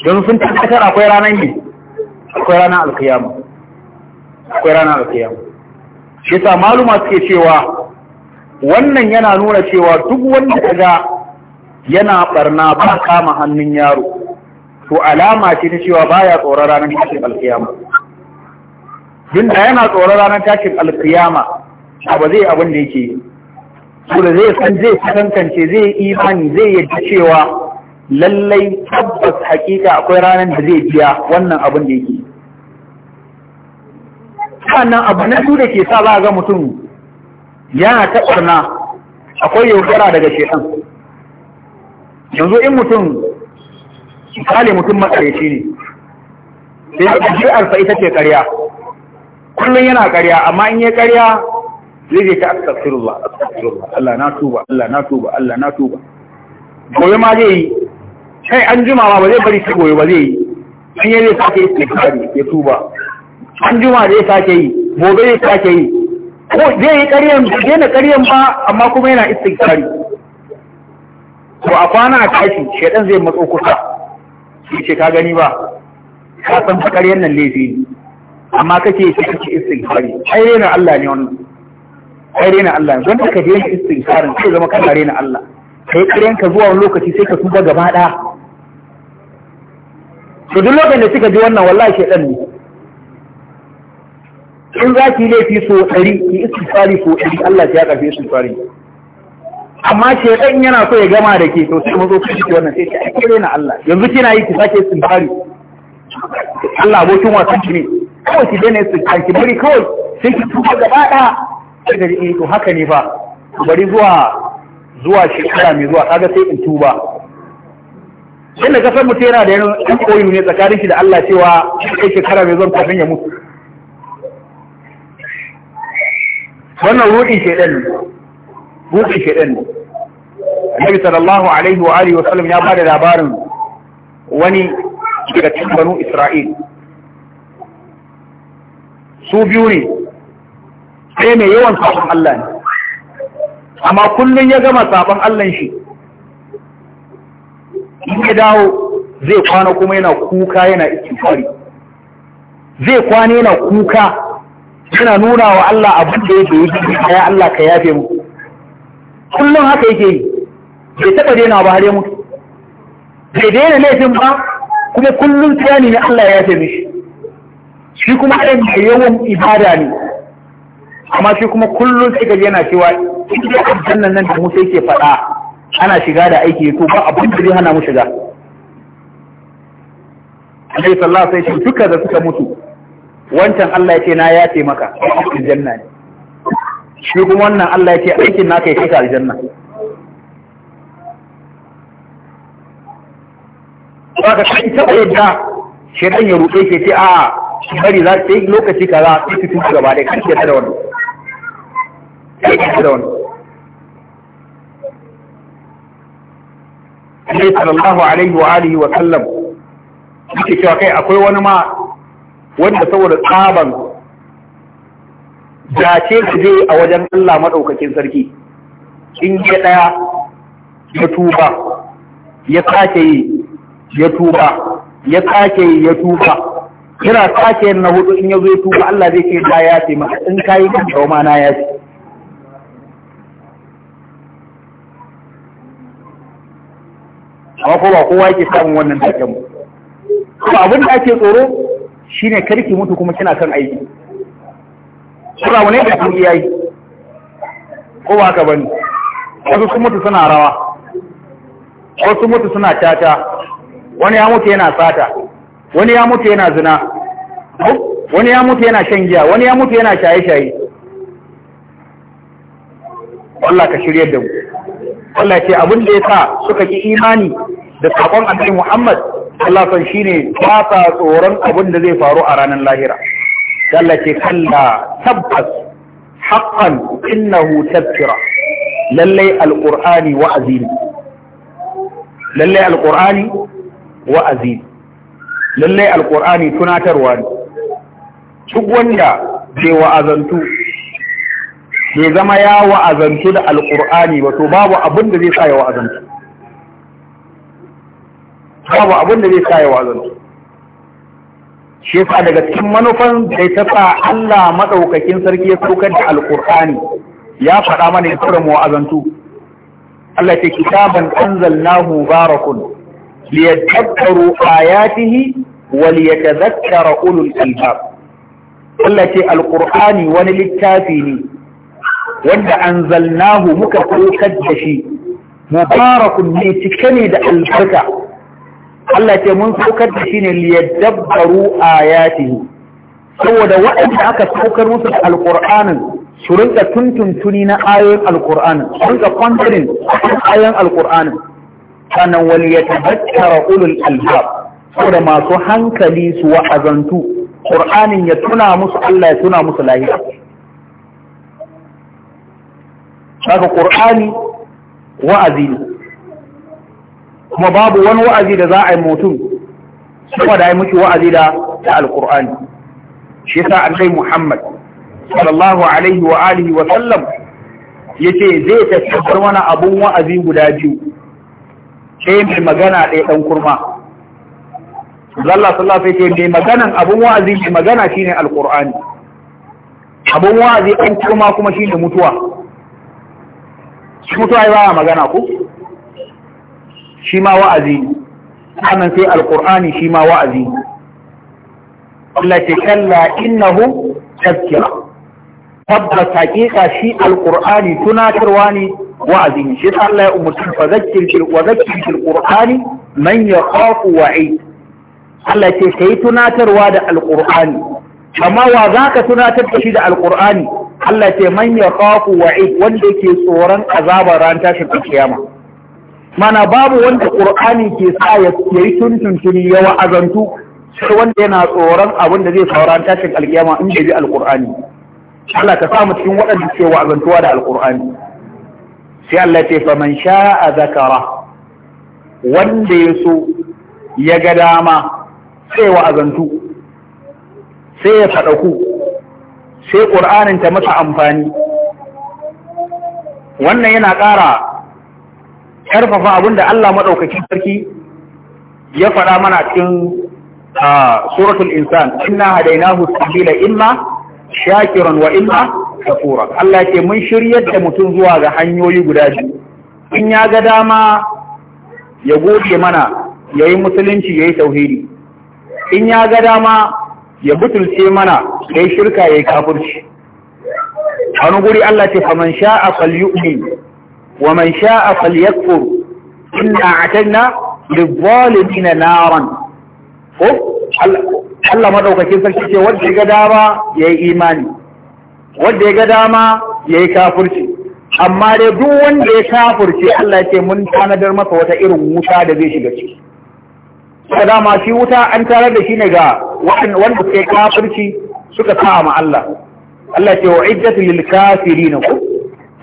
don sun tabbatar akwai ranar ne akwai ranar alkiyama akwai rana alkiyama shi ta maluma suke cewa wannan yana nuna cewa duk wanda ya ga yana barna ba kama hannun yaro to alama ce ta cewa baya tsoron ranar tashin alkiyama din da yana tsoron ranar tashin alkiyama ba zai abin da yake yi su da zai san zai kankance zai imani zai yadda cewa lallai tabbas hakika akwai ranar da zai biya wannan abin da yake sannan abu na su da ke sa za a ga mutum yana ta ɓarna akwai yaudara daga shekan yanzu in mutum misali mutum matsareci ne sai ya ɗaji alfa ita ce ƙarya kullum yana ƙarya amma in ya ƙarya zai je ta astaghfirullah astaghfirullah Allah na tuba Allah na tuba Allah na tuba gobe ma zai yi kai an jima ma ba zai bari shi gobe ba zai yi in yi zai sake istighfari ya tuba an juma zai sake yi gobe zai sake yi ko zai yi ƙaryan daina ƙaryan ba amma kuma yana istighfari to a kwana a tashi shedan zai matso kusa shi ce ka gani ba ka san fa ƙaryan nan laifi ne amma kake shi kake istighfari ai rena Allah ne wannan ai rena Allah don ka daina istighfarin sai zama kana rena Allah kai ƙaryan ka zuwa wani lokaci sai ka tuba gaba ɗaya to duk lokacin da kika ji wannan wallahi shedan ne in za ki laifi so ɗari ki istighfari so ɗari Allah ya karfe su fari amma ɗan yana so ya gama da ke to sai mazo ke wannan sai ki ake na Allah yanzu kina yi ki sake istighfari Allah abokin wasan ki ne kawai ki daina istighfari ki bari kawai sai ki tuka gaba ɗaya sai da eh, to haka ne fa bari zuwa zuwa shekara mai zuwa kaga sai in tuba inda kasar mutum yana da yanin ɗan koyo ne tsakanin shi da Allah cewa kai shekara mai zan kafin ya mutu wannan ruɗin shaidan ne ruɗin shaidan ne annabi sallallahu alaihi wa alihi wa sallam ya bada labarin wani daga cikin banu isra'il su biyu ne sai mai yawan sabon Allah ne amma kullum ya gama sabon Allah shi in ya dawo zai kwana kuma yana kuka yana fari. zai kwana yana kuka suna nuna wa Allah abin da yake yi ya Allah ka yafe mu kullum haka yake yi bai taɓa daina ba har ya mutu bai daina laifin ba kuma kullum tsayani ne Allah ya yafe mishi shi kuma ɗan mai yawan ibada ne amma shi kuma kullum sai gaji yana cewa inda abin nan da Musa yake faɗa ana shiga da aiki to ba abin da zai hana mu shiga Allah sallallahu alaihi wasallam duka da suka mutu wancan Allah ya ce na ce maka aljanna ne shi kuma wannan Allah ya ce aikin naka ya kai aljanna ba ka kai taɓa yadda shaidan ya ruɗe ke ce a bari za ta yi lokaci kaza sai ki tuka gaba da kan ke da Allah da sallallahu alaihi wa alihi wa sallam yake cewa kai akwai wani ma wanda saboda tsaban jace su je a wajen Allah maɗaukakin sarki in ya ɗaya ya tuba ya sake yi ya tuba ya sake yi ya tuba yana sake yin na hudu in ya zo ya tuba Allah zai ce da ya ce ma in kayi kan da na ya ce amma ko ba kowa yake samun wannan daken ba abin da ake tsoro Shi ne karki mutu kuma kina kan aiki kura wani da kun yi ko ba ka bani? wasu sun mutu suna rawa wasu sun mutu suna tata wani ya mutu yana sata wani ya mutu yana zina wani ya mutu yana shan giya wani ya mutu yana shaye-shaye Allah ka shirye da mu Allah ce abin da ya sa suka ki imani da sabon annabi Muhammad Allah san shine ba sa tsoron abin da zai faru a ranar lahira Allah ce kalla tabbas hakkan innahu tattira. lallai alqur'ani wa'azi ne lallai lallai tunatarwa ne duk wanda ke wa'azantu bai zama ya wa'azantu da alqur'ani ba to babu abin da zai sa ya wa'azantu babu abin da zai sa ya wazano shi daga cikin manufan da ya sa Allah madaukakin sarki ya saukar da alqur'ani ya faɗa mana ya tsara mu'azantu Allah ce kitaban anzalnahu mubarakun liyadhakkaru ayatihi wa liyatadhakkara ulul albab Allah ce alqur'ani wani littafi ne wanda anzalnahu muka saukar da shi mubarakun ne cike ne da albarka Allah ce mun saukar da shi ne liyadabbaru ayatihi saboda waɗanda aka saukar musu da alƙur'anin su rinka tuntuntuni na ayoyin alƙur'anin su rinka kwantarin ayoyin alƙur'anin sannan wani ya tabbatara ulul albab saboda masu hankali su wa'azantu ƙur'anin ya tuna musu Allah ya tuna musu lahira saka ƙur'ani wa'azi ne kuma babu wani wa'azi da za a yi mutum saboda ya yi miki wa'azi da da alqur'ani shi yasa annabi Muhammad sallallahu alaihi wa alihi wa sallam ya ce zai tattabar mana abun wa'azi guda biyu sai mai magana ɗaya ɗan kurma Allah sallallahu alaihi wa sallam mai maganan abun wa'azi mai magana shine alqur'ani abun wa'azi ɗan kurma kuma shine mutuwa mutuwa ba magana ku? shi ma wa'azi ne sannan sai Alƙur'ani shi ma wa'azi ne Allah ce kalla innahu tazkira tabbas hakika shi Alƙur'ani tunatarwa ne wa'azi ne shi Allah ya umurta fa zakkir wa zakkir fil qur'ani man yakhafu wa'id Allah ce kai tunatarwa da Alƙur'ani. amma wa zaka tunatar da shi da Alƙur'ani? Allah ce man yakhafu wa'id wanda yake tsoron azabar ran tashin kiyama mana babu wanda ƙur'ani ke sa ya yi tuntuntuni ya wa'azantu sai wanda yana tsoron abin da zai sauran tashin alƙiyama in bai bi alƙur'ani Allah ka samu cikin waɗanda ke wa'azantuwa da alƙur'ani sai Allah ce fa man sha'a zakara wanda ya so ya ga dama sai wa'azantu sai ya faɗaku sai ƙur'anin ta masa amfani wannan yana ƙara karfafa abinda Allah madaukakin sarki ya faɗa mana cikin suratul insan inna hadainahu sabila illa shakiran wa imma kafura Allah ce mun shiryar da mutum zuwa ga hanyoyi guda biyu in ya ga dama ya gode mana yayi musulunci yayi tauhidi in ya ga dama ya butulce mana yayi shirka yayi kafirci wani guri Allah ce faman sha'a falyu'min ومن شاء فليكفر إنا أعتدنا للظالمين نارا Allah madaukakin sarki ce wanda ya ga dama imani wanda ya ga dama yayi kafirci amma dai duk wanda ya kafurci, Allah ya ce mun tanadar masa wata irin wuta da zai shiga ciki saboda dama shi wuta an tarar da shi ne ga wanda suka sa ma Allah Allah ce wa iddatu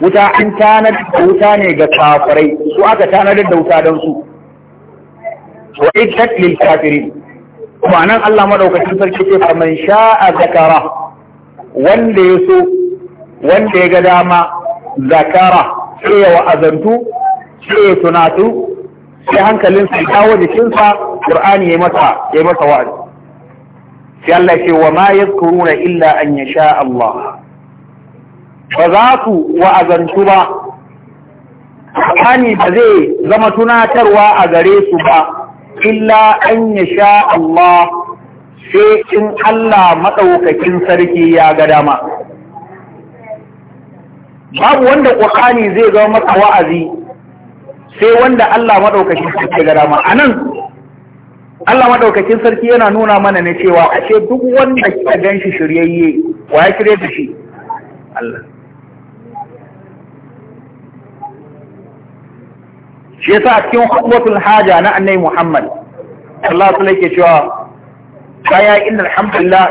wuta an tanar da wuta ne ga kafirai su aka tanar da wuta don su wa iddat lil kafirin kuma nan Allah madaukakin sarki ce faman sha'a zakara wanda ya so wanda ya ga dama zakara sai ya wa'azantu sai ya tunatu sai hankalin ya dawo jikinsa Qur'ani ya masa ya masa wa'azi sai Allah ce wa ma yadhkuruna illa an yasha Allah ba za su wa'azantu ba Qur'ani ba zai zama tunatarwa a gare su ba illa an sha Allah sai in Allah maɗaukakin sarki ya ga dama babu wanda ƙwaƙani zai zama masa wa'azi sai wanda Allah maɗaukakin sarki ga dama a nan Allah maɗaukakin sarki yana nuna mana ne cewa ashe duk wanda kika gan shi shiryayye wa ya shirye shi Allah shi yasa a cikin khutbatul haja na annabi Muhammad sallallahu alaihi wasallam cewa ya yi innal hamdulillah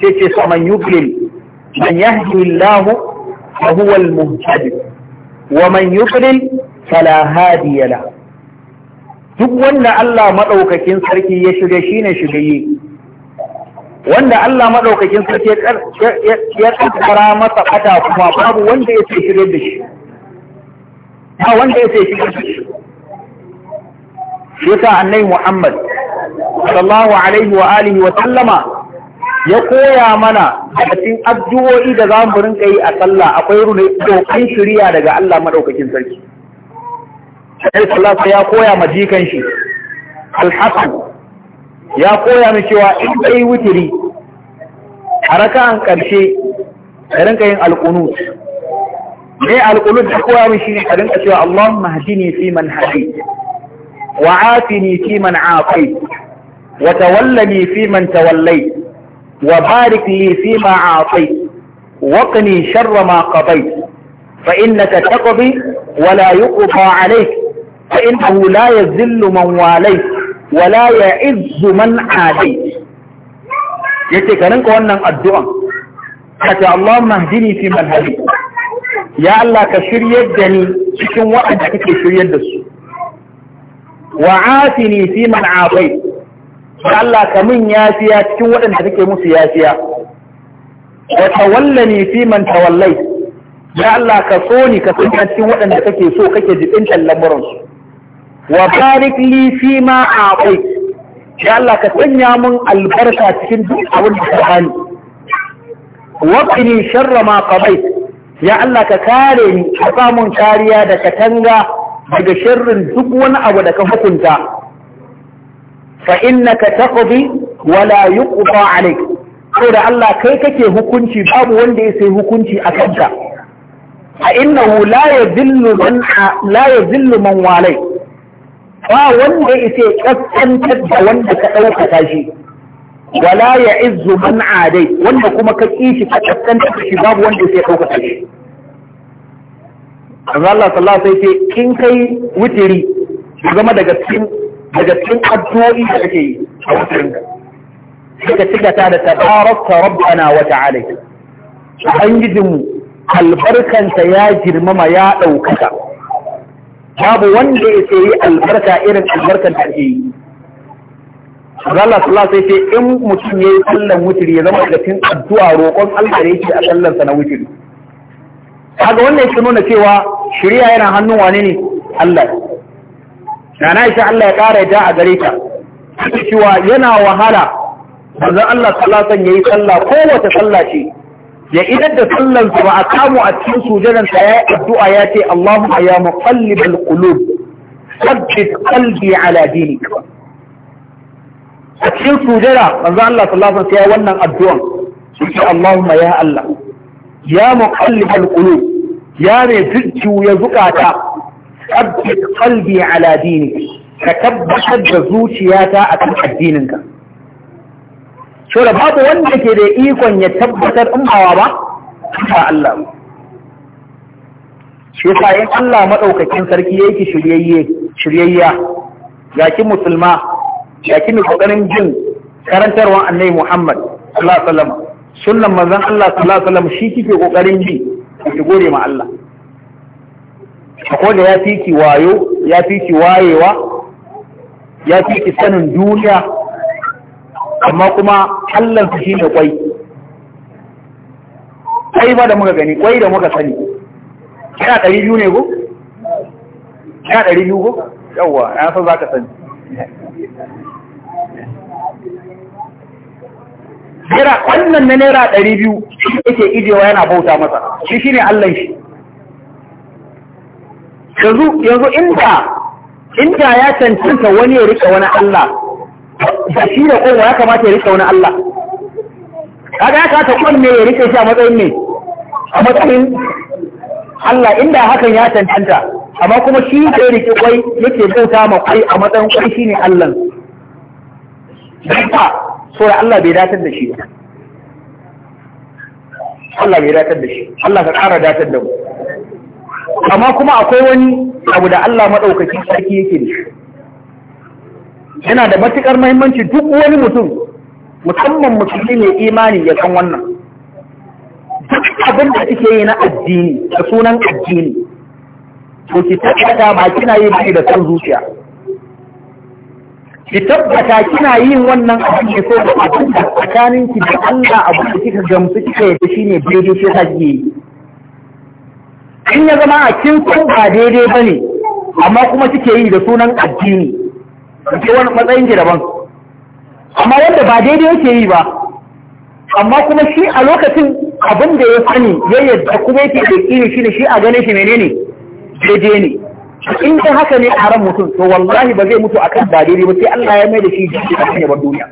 ce ce sa man yuqlil man yahdi Allah fa huwa al-muhtadi wa man yuqlil fala hadiya duk wanda Allah maɗaukakin sarki ya shiga shi shine shigaye wanda Allah maɗaukakin sarki ya kankara masa kata kuma babu wanda ya ce shigar da shi ba wanda ya ce shigar da shi shi yasa annabi Muhammad sallallahu alaihi wa alihi wa sallama ya koya mana a cikin addu'o'i da za mu rinka yi a sallah akwai rune roƙon shirya daga Allah madaukakin sarki sai sallah ya koya ma jikan shi al-Hasan ya koya mu cewa in kai wutiri a raka'an karshe ka rinka yin al-qunut ne al-qunut da koya mu shi ka rinka cewa Allahumma hdini fi man hadayt وعافني فيمن عافيت وتولني فيمن توليت وبارك لي فيما عافيت وقني شر ما قضيت فإنك تقضي ولا يقضى عليك فإنه لا يذل من واليت ولا يعز من عاديت yace ka rinka wannan addu'an kace Allahumma hdini fi man hadayt ya Allah ka shiryar da ni cikin waɗanda kake shiryar da su wa asini fi man afai Allah ka min yafiya cikin waɗanda kake musu yafiya wa tawallani fi man tawallai ya Allah ka so ni ka sanya cikin waɗanda kake so kake jibintan lamuransu wa barik li fi ma afai ya Allah ka sanya mun albarka cikin duk abin da ka bani wa qini sharra ma ya Allah ka kare ni ka samun kariya da katanga daga sharrin duk wani abu da ka hukunta fa innaka taqdi wa la yuqda alayk ko da Allah kai kake hukunci babu wanda ya sai hukunci a kanka a innahu la yadhillu man la yadhillu man walay ba wanda ya sai kaskantar da wanda ka dauka shi wala ya'izzu man adai wanda kuma ka kishi ka kaskantar shi babu wanda ya sai dauka azza Allah sallallahu alaihi wasallam sai in kai wutiri zama daga cikin daga cikin addu'o'i da kake yi a wutirin ka sai ka cika ta da tabaraka rabbana wa ta'ala ubangijin mu albarkanta ya girmama ya daukaka babu wanda ya ce yi albarka irin albarkan da ake yi Allah sallallahu alaihi sai in mutum yayi sallan witiri ya zama daga cikin addu'a roƙon Allah da yake a sallansa na witiri. kaga wannan yake nuna cewa shari'a yana hannun wane ne Allah na na isha Allah ya ƙara ya a gare ta cewa yana wahala manzon Allah sallallahu alaihi yayi sallah kowace sallah ce ya idan da sallan ba a kamu a cikin sujadan sa yayi addu'a ya ce Allahumma ya muqallibal qulub thabbit qalbi ala dinik a cikin sujada manzon Allah sallallahu alaihi wasallam ya wannan addu'an sai Allahumma ya Allah ya muqallibal qulub ya mai zuciyu ya zukata tsabbit qalbi ala dinik ka tabbatar da zuciyata akan addininka so da babu wanda ke da ikon ya tabbatar in ba, ba ba Allah shi ka in Allah madaukakin sarki yake shiryayye shiryayya yaki musulma yaki mai kokarin jin karantarwa annabi Muhammad sallallahu alaihi wasallam sunnan manzon Allah sallallahu alaihi wasallam shi kike kokarin bi ki gode ma Allah akwai da ya fi ki wayo ya fi ki wayewa ya fi ki sanin duniya amma kuma Allah shi ne kwai kai ba da muka gani kwai da muka sani Kina ɗari biyu ne ko? Kina ɗari biyu ko? yawwa ya san za ka sani naira wannan na naira ɗari biyu shi yake ijewa yana bauta masa shi ne Allah shi yanzu yanzu inda inda ya cancanta wani ya rika wani Allah da shi da kowa ya kamata ya rika wani Allah kaga ya kamata ne ya riƙe shi a matsayin ne a matsayin Allah inda hakan ya cancanta amma kuma shi da ya rike kwai yake bauta ma ƙwai a matsayin shi shine Allah saboda Allah bai datar da shi Allah bai datar da shi Allah ka ƙara datar da mu amma kuma akwai wani abu da Allah maɗaukaki sarki yake da shi yana da matukar mahimmanci duk wani mutum musamman musulmi mai imani ya san wannan duk abin da kike yi na addini da sunan addini to ki tabbata ba kina yi bai da san zuciya ki tabbata kina yin wannan abin da ko abin da tsakanin ki da Allah abin da kika gamsu kika yi shine daidai ke ka yi in ya zama a kin san ba daidai bane amma kuma kike yi da sunan addini kike wani matsayin ki daban amma wanda ba daidai yake yi ba amma kuma shi a lokacin abin da ya sani ya yadda kuma yake da kiri shine shi a gane shi menene daidai ne in dai haka ne a ran mutum to wallahi ba zai mutu akan ba daidai ba sai Allah ya mai da shi jiki a cikin duniya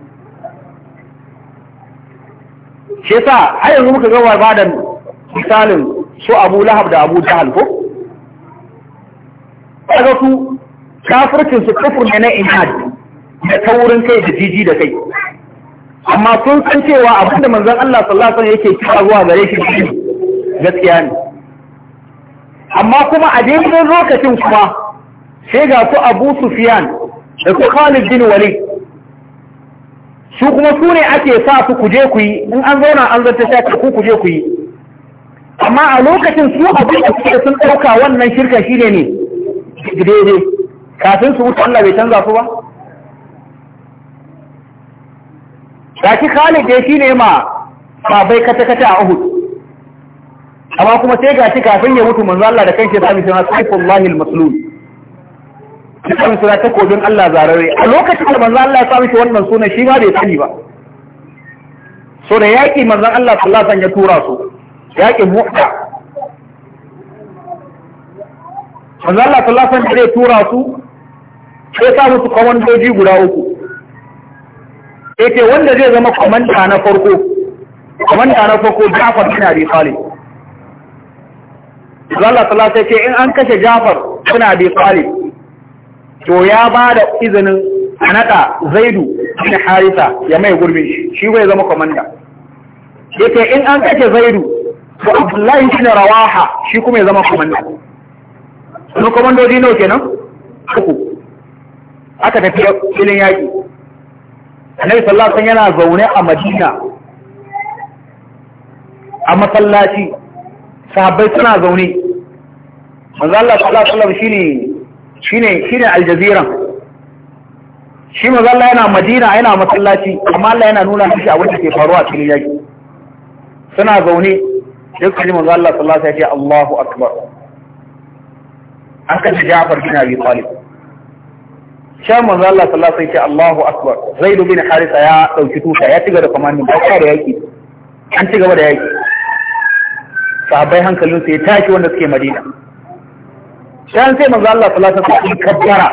shi yasa har yanzu muka ga badan misalin su Abu Lahab da Abu Jahal ko kaga su kafircin su kufur ne na inhad da taurin kai da jiji da kai amma sun san cewa abinda manzon Allah sallallahu alaihi wasallam yake kira zuwa gare shi gaskiya ne amma kuma a daidai lokacin kuma sai ga su abu sufiyan da su khalid bin walid su kuma su ne ake sa su kuje ku yi in an zauna an zanta shaka ku kuje ku yi amma a lokacin su Abu da suke sun ɗauka wannan shirka shine ne daidai kafin su wuce Allah bai canza su ba Gashi Khalid dai shine ma ba bai kata kata a Uhud amma kuma sai gashi kafin ya mutu manzo Allah da kanke ya sami suna saifullahi al-maslul ya sai ta kodin Allah zarare a lokacin da manzo Allah ya sami shi wannan sunan shi ma bai sani ba so da yaƙi manzo Allah sallallahu alaihi ya tura su yaki mu'ta manzo Allah sallallahu alaihi ya tura su sai sa musu kwamandoji guda uku yake wanda zai zama kwamanda na farko komanda na farko Ja'far bin Abi Talib Allah ta lafiya ce in an kashe Jafar suna bi Talib to ya ba da izinin a naɗa Zaidu ne Harisa ya mai gurbin shi shi bai zama komanda yake in an kashe Zaidu to Abdullahi shi ne Rawaha shi kuma ya zama komanda su komandoji nawa kenan uku aka tafi filin yaƙi Annabi sallallahu alaihi yana zaune a Madina a masallaci sahabbai suna zaune manzo Allah sallallahu alaihi wasallam shine shine shine aljaziran shi manzo Allah yana Madina yana masallaci amma Allah yana nuna mishi a da ke faruwa a cikin yaki suna zaune dukkan manzo Allah sallallahu alaihi ya ce Allahu akbar an kace Ja'far bin Abi Talib sha manzo Allah sallallahu alaihi ya ce Allahu akbar Zaid bin Harisa ya dauki tuta ya tiga da komandin ba da yaki an ci gaba da yaki sahabbai hankalinsu ya tashi wanda suke Madina can sai manzo Allah sallallahu alaihi wasallam kabbara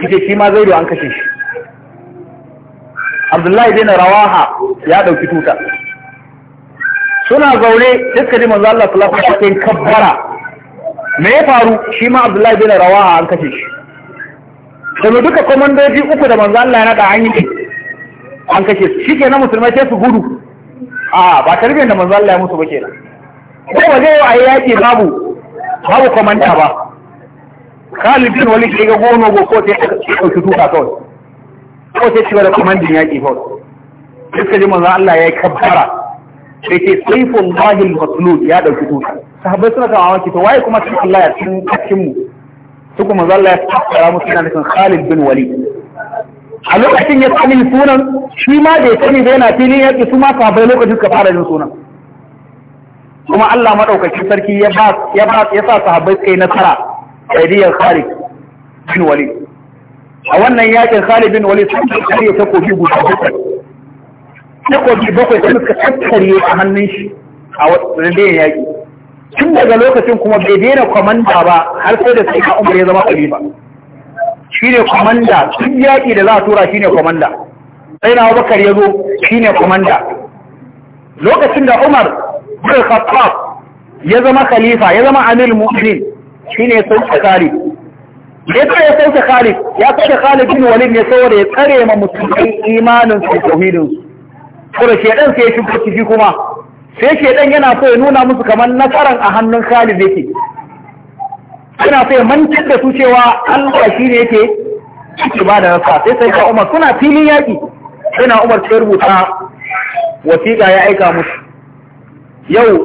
kike shi ma zaido an kashe shi Abdullahi bin Rawaha ya dauki tuta suna zaune duka ne manzo Allah sallallahu alaihi wasallam kabbara me ya faru shi ma Abdullahi bin Rawaha an kashe shi sai duka komandoji uku da manzo Allah ya naka an yi an kashe su shi kenan musulmai sai su gudu a ba tarbiyyar da manzo Allah ya musu ba kenan ko ba zai yi a yaki babu babu komanda ba Khalid bin Walid ya ga gono go ko sai ya dauki tuka kawai ko sai shiga da komandin yaki kawai suka ji manzo Allah ya yi kabbara sai ce saifun lahil maslul ya dauki tuka sahabbai suna kama wanki to waye kuma sai Allah ya tun cikin mu su kuma manzo Allah ya tsara musu yana nufin Khalid bin Walid a lokacin ya sani sunan shi ma bai sani ba yana filin yaki su ma sahabbai lokacin suka fara jin sunan kuma Allah madaukakin sarki ya ba ya sa sahabbai kai nasara aidiyar Khalid bin Wali. a wannan yakin Khalid bin Wali sun kare ta kofi guda bakwai takobi bakwai sun suka tattare a hannun shi a rundunar yaki tun daga lokacin kuma bai daina kwamanda ba har sai da sai Umar ya zama khalifa ne kwamanda duk yaki da za a tura shi ne kwamanda sai na Abubakar ya zo shi ne kwamanda lokacin da Umar bin Khattab ya zama khalifa ya zama amil mu'minin shine ya sauke Khalid ya ce ya sauke Khalid ya sauke Khalid bin Walid ne saboda ya tsare ma musulmai imanin su tauhidin su da shedan sai ya shigo ciki kuma sai shedan yana so ya nuna musu kamar nasaran a hannun Khalid yake suna so ya mantar da su cewa Allah shine yake ciki ba da nasa sai sai ka Umar suna filin yaki suna Umar ta rubuta wasiƙa ya aika musu yau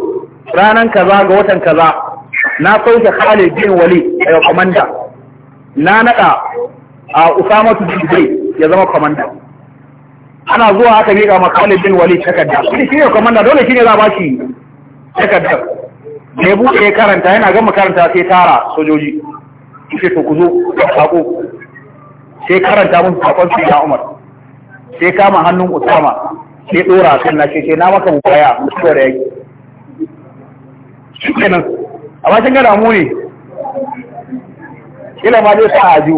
ranan kaza ga watan kaza na sauke Khalid bin Walid daga komanda na nada a Usama bin zai ya zama komanda ana zuwa aka miƙa ma Khalid bin Walid takarda shi ne komanda dole shi ne za a bashi takadda. da ya buɗe karanta yana gama karanta sai tara sojoji ce to ku zo sako sai karanta mun sakon sai ya Umar sai kama hannun Usama sai dora kan na ce na maka mubaya mutuwar yaki shi kenan amma kin gana muni ne ma zai sa a ju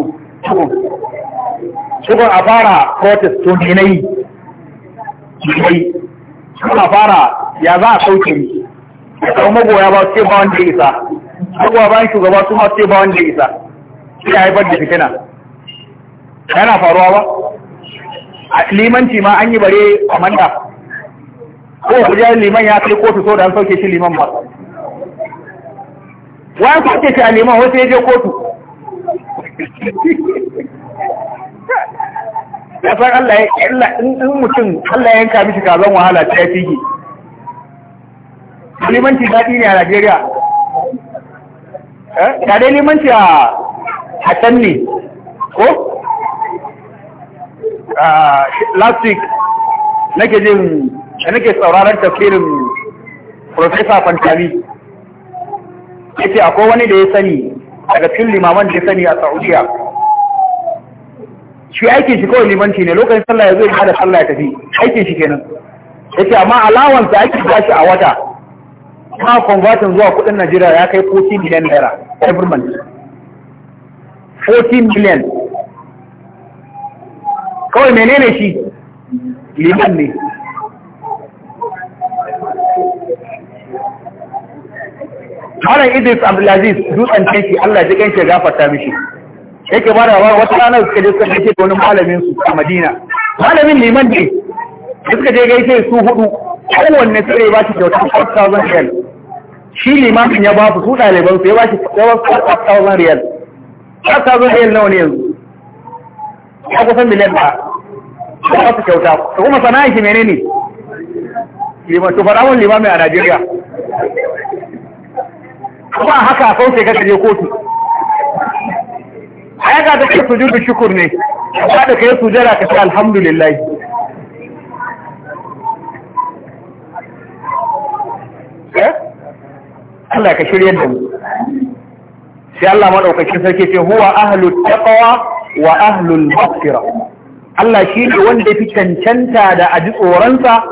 shugun a fara protest to ne na yi a fara ya za a sauke ne ya kawo magoya ba ce ba wanda ya isa magoya bayan shugaba su ma ce ba wanda ya isa shi ya haifar da fitina yana faruwa ba a limanci ma an yi bare kwamanda ko kujerar liman ya kai kotu so da an sauke shi liman ba wani ku ake ce a neman wasu ya je kotu ya san Allah ya in mutum Allah ya yanka mishi kazan wahala ta ya fige limanci daɗi ne a Najeriya Ka eh, dai limanci a can ne ko last week nake jin nake sauraron tafsirin Professor Fantami yace akwai wani da ya sani daga cikin limaman da ya sani a Saudiya shi aikin shi kawai limanci ne lokacin sallah ya zo ya hada sallah ya tafi aikin shi kenan yace amma alawan sa ba shi a wata kuma convertin zuwa kudin Najeriya ya kai 40 million naira every month 40 million kawai menene shi liman ne Malam Idris Abdulaziz dutsen tanki Allah ji kanke gafarta mishi. Yake ba da wata ranar suka je suka gaishe da wani malamin su a Madina. Malamin liman ne suka je gaishe su hudu kowanne sai ba shi kyautar 5000 riyal. Shi limamin ya ba su su ɗaliban su ya ba shi kyautar 5000 riyal. 5000 riyal nawa ne yanzu? Ya kusan miliyan ba. Ya ba su kyauta. Kuma sana'a shi menene? Liman to faɗa mun limamin a Najeriya. ba haka kauce ka kaje kotu A ga da kai sujudu shukur ne ba da kai sujada ka ce alhamdulillah eh? Allah ka shirye da mu sai Allah shi sarki ce huwa ahlut taqwa wa ahlul maghfira Allah shi ne wanda fi cancanta da aji tsoronsa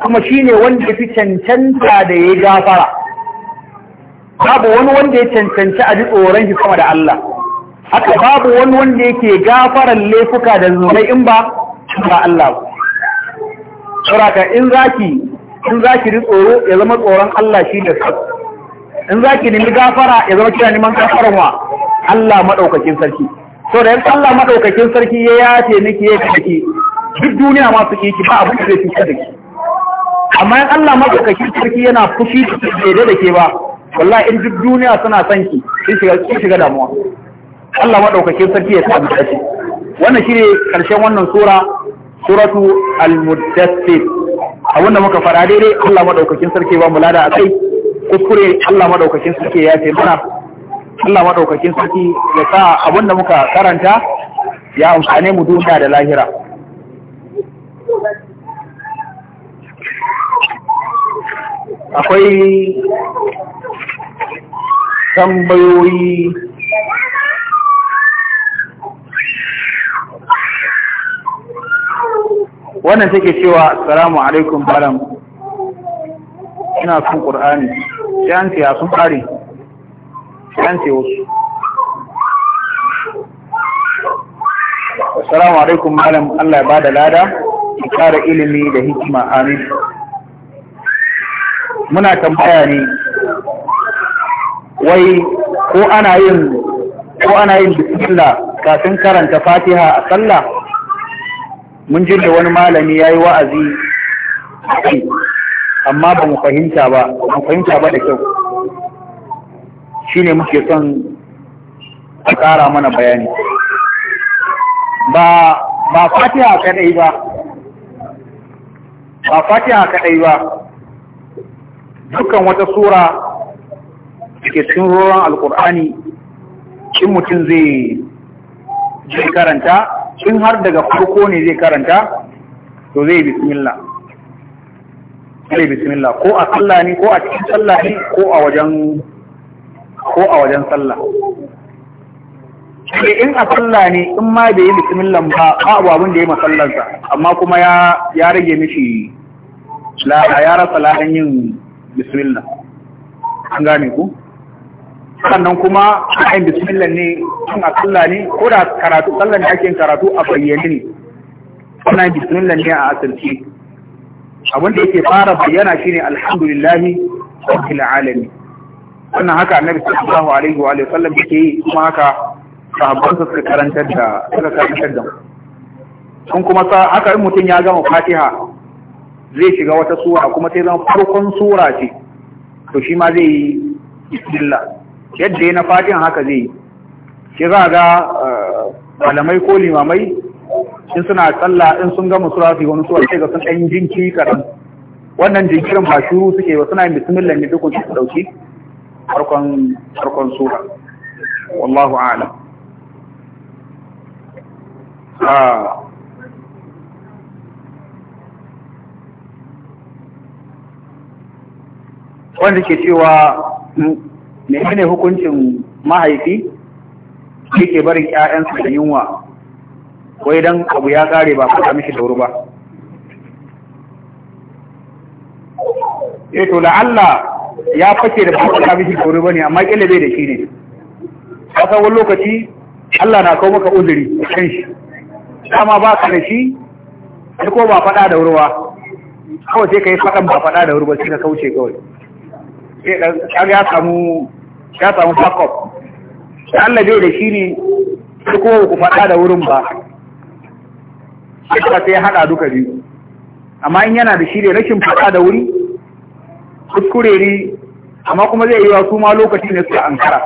kuma shi ne wanda fi cancanta da ya gafara babu wani wanda ya cancanci a ji tsoron shi sama da Allah haka babu wani wanda yake gafaran laifuka da zunubai in ba ba Allah ba saboda in zaki in zaki ji tsoro ya zama tsoron Allah shi da sarki in zaki nemi gafara ya zama kira neman gafaran wa Allah madaukakin sarki so da yanzu Allah madaukakin sarki ya yace niki ya kake duk duniya ma su ki ba abin da zai cutar da ki amma in Allah madaukakin sarki yana fushi da ke da ke ba wallahi in duk duniya suna son ki sai shiga sai shiga damuwa Allah madaukakin sarki ya sa mu wannan shine karshen wannan sura suratu al-muddathir abinda muka fara daidai Allah madaukakin sarki ba mu lada akai kuskure Allah madaukakin sarki ya ce mana Allah madaukakin sarki ya sa abinda muka karanta ya amfane mu duniya da lahira akwai tambayoyi wannan take cewa salamu alaikum Malam. ina son qur'ani sai ya sun fare sai wasu assalamu alaikum malam Allah ya bada lada ki kara ilimi da hikima amin muna tambaya ne wai ko ana yin ko ana yin bismillah kafin karanta fatiha a sallah mun da wani malami ya yi wa'azi amma ba mu fahimta ba mu fahimta ba da kyau shine muke son a ƙara mana bayani ba ba fatiha kadai ba ba fatiha kadai ba dukkan wata sura suke cikin ruwan alkur'ani in mutum zai karanta kin har daga farko ne zai karanta to zai bismillah zai bismillah ko a sallah ne ko a cikin sallah ne ko a wajen ko a wajen sallah sai in a sallah ne in ma bai yi bismillah ba ba abin da ya masallarsa amma kuma ya ya rage mishi la ya rasa lahan yin bismillah an gane ku sannan kuma ayin bismillah ne tun a sallah ne ko da karatu sallah ne ake karatu a bayyane ne yin bismillah ne a asalci abinda da yake fara bayyana shine alhamdulillahi rabbil alamin wannan haka annabi sallallahu alaihi wa sallam yake yi kuma haka sahabban suka karantar da suka karantar da kun kuma sa haka in mutum ya gama fatiha zai shiga wata sura kuma sai zan farkon sura ce to shi ma zai yi bismillah yadda ya na fatin haka zai yi. shi za ga eh, malamai ko limamai in suna tsalla in sun gama sura su wani suwa ce ga sun ɗan jinki kaɗan wannan jinkirin ba shuru suke ba suna yin bismillah ne dukkan su ɗauki farkon farkon sura wallahu a'lam ah. wanda ke cewa menene hukuncin mahaifi yake barin ƴaƴansa da yunwa wai dan abu ya kare ba faɗa mishi da wuri ba eh to Allah ya fake da faɗa mishi da wuri bane amma kille bai da shi ne a wani lokaci Allah na kawo maka uzuri kan shi amma ba ka da shi ko ba faɗa da wuri ba kawai sai ka yi faɗan ba faɗa da wuri ba sai ka kauce kawai ya samu ya samu backup da Allah bai da shi ne sai ko ku faɗa da wurin ba sai sai haɗa duka biyu amma in yana da shi ne rashin faɗa da wuri kuskure ne amma kuma zai yiwa su ma lokacin ne suka ankara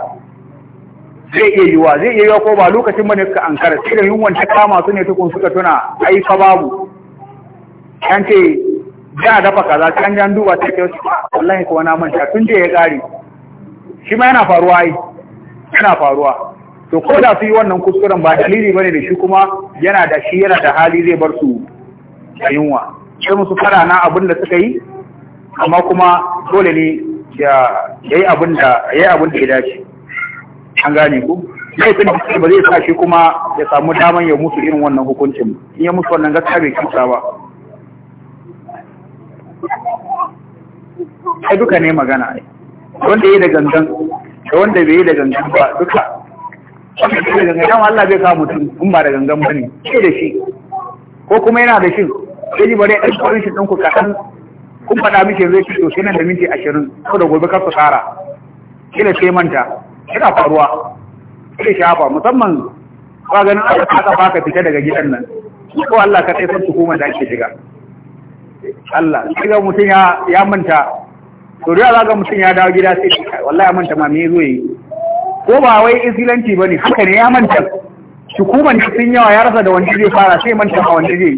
zai iya yiwa zai iya yiwa ko ba lokacin bane suka ankara sai da yunwan ta kama su ne tukun suka tuna ai fa babu an ce da a dafa kaza sai an jan duba ta kai wallahi kuwa na manta tun je ya kare shi ma yana faruwa yi, yana faruwa to ko da su yi wannan kuskuren ba dalili bane da shi kuma yana da shi yana da hali zai bar su da yunwa sai musu fara na abin da suka yi amma kuma dole ne ya yi abin da ya abin da ya dace an gane ku laifin da ba zai sa shi kuma ya samu daman ya musu irin wannan hukuncin in ya musu wannan gaskiya bai kisa ba ai duka ne magana ai wanda yi da gangan da wanda bai yi da gangan ba duka wanda yi da gangan dama Allah zai kawo mutum in ba da gangan ba ne sai da shi ko kuma yana da shi sai ji bare ɗan kwarin shi ku kaɗan kun faɗa mishi zai fito sai nan da minti ashirin ko da gobe kar su tsara kila sai manta yana faruwa sai shafa musamman ba ganin aka ka fita daga gidan nan ko Allah ka tsaye san hukumar da ake shiga Allah sai ga mutum ya manta to da za ga mutum ya dawo gida sai wallahi manta ma me zo yi ko ba wai isilanci bane haka ne ya manta hukuman sun yawa ya rasa da wanda zai fara sai manta ma wanda zai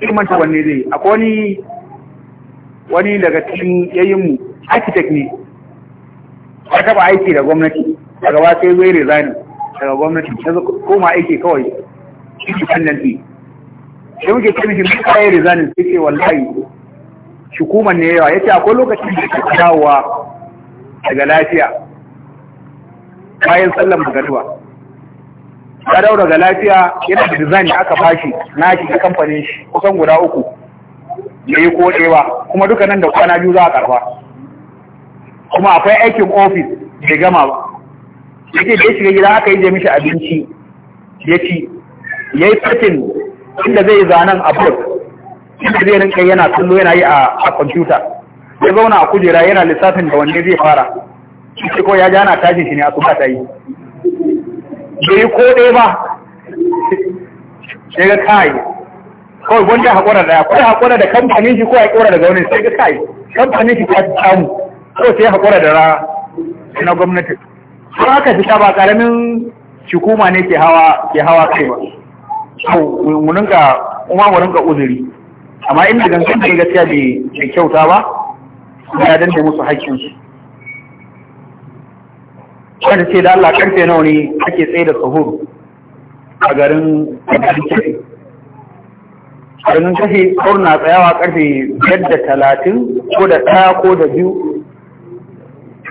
sai manta wanda zai akwai wani wani daga cikin yayin mu architect ne ya taba aiki da gwamnati daga ba sai zai resign daga gwamnati ta koma aiki kawai kan independently sai muke ce mishi mun kai rizanin sai ce wallahi shukuman ne yawa yace akwai lokacin da ke dawowa daga lafiya bayan sallan magariba ya dawo daga lafiya yana da rizani aka bashi na shi kamfanin shi kusan guda uku ya yi kodewa ba kuma duka nan da kwana biyu za a karfa kuma akwai aikin ofis da gama ba yake da ya shiga gida aka yi mishi abinci ya ci ya yi fatin inda zai zanen a board inda zai rinka yana kallo yana yi a kwamfuta ya zauna a kujera yana lissafin da wanne zai fara shi ko ya jana tashin shi ne a suka ta yi bai ko ɗaya ba sai ga kai kawai gwanda haƙura da akwai haƙura da kamfanin shi ko ya ƙura da gwamnati sai ga kai kamfanin shi ta samu ko sai haƙura da na gwamnati sun aka fita ba ƙaramin shukuma ne ke hawa kai ba mu rinka kuma mu rinka uzuri amma inda gangan da gaskiya bai kyauta ba ya danne musu haƙƙin su wanda ce da Allah karfe nawa ne ake tsaye da sahur a garin kafe a garin kafe sahur na tsayawa karfe biyar da talatin ko da ɗaya ko da biyu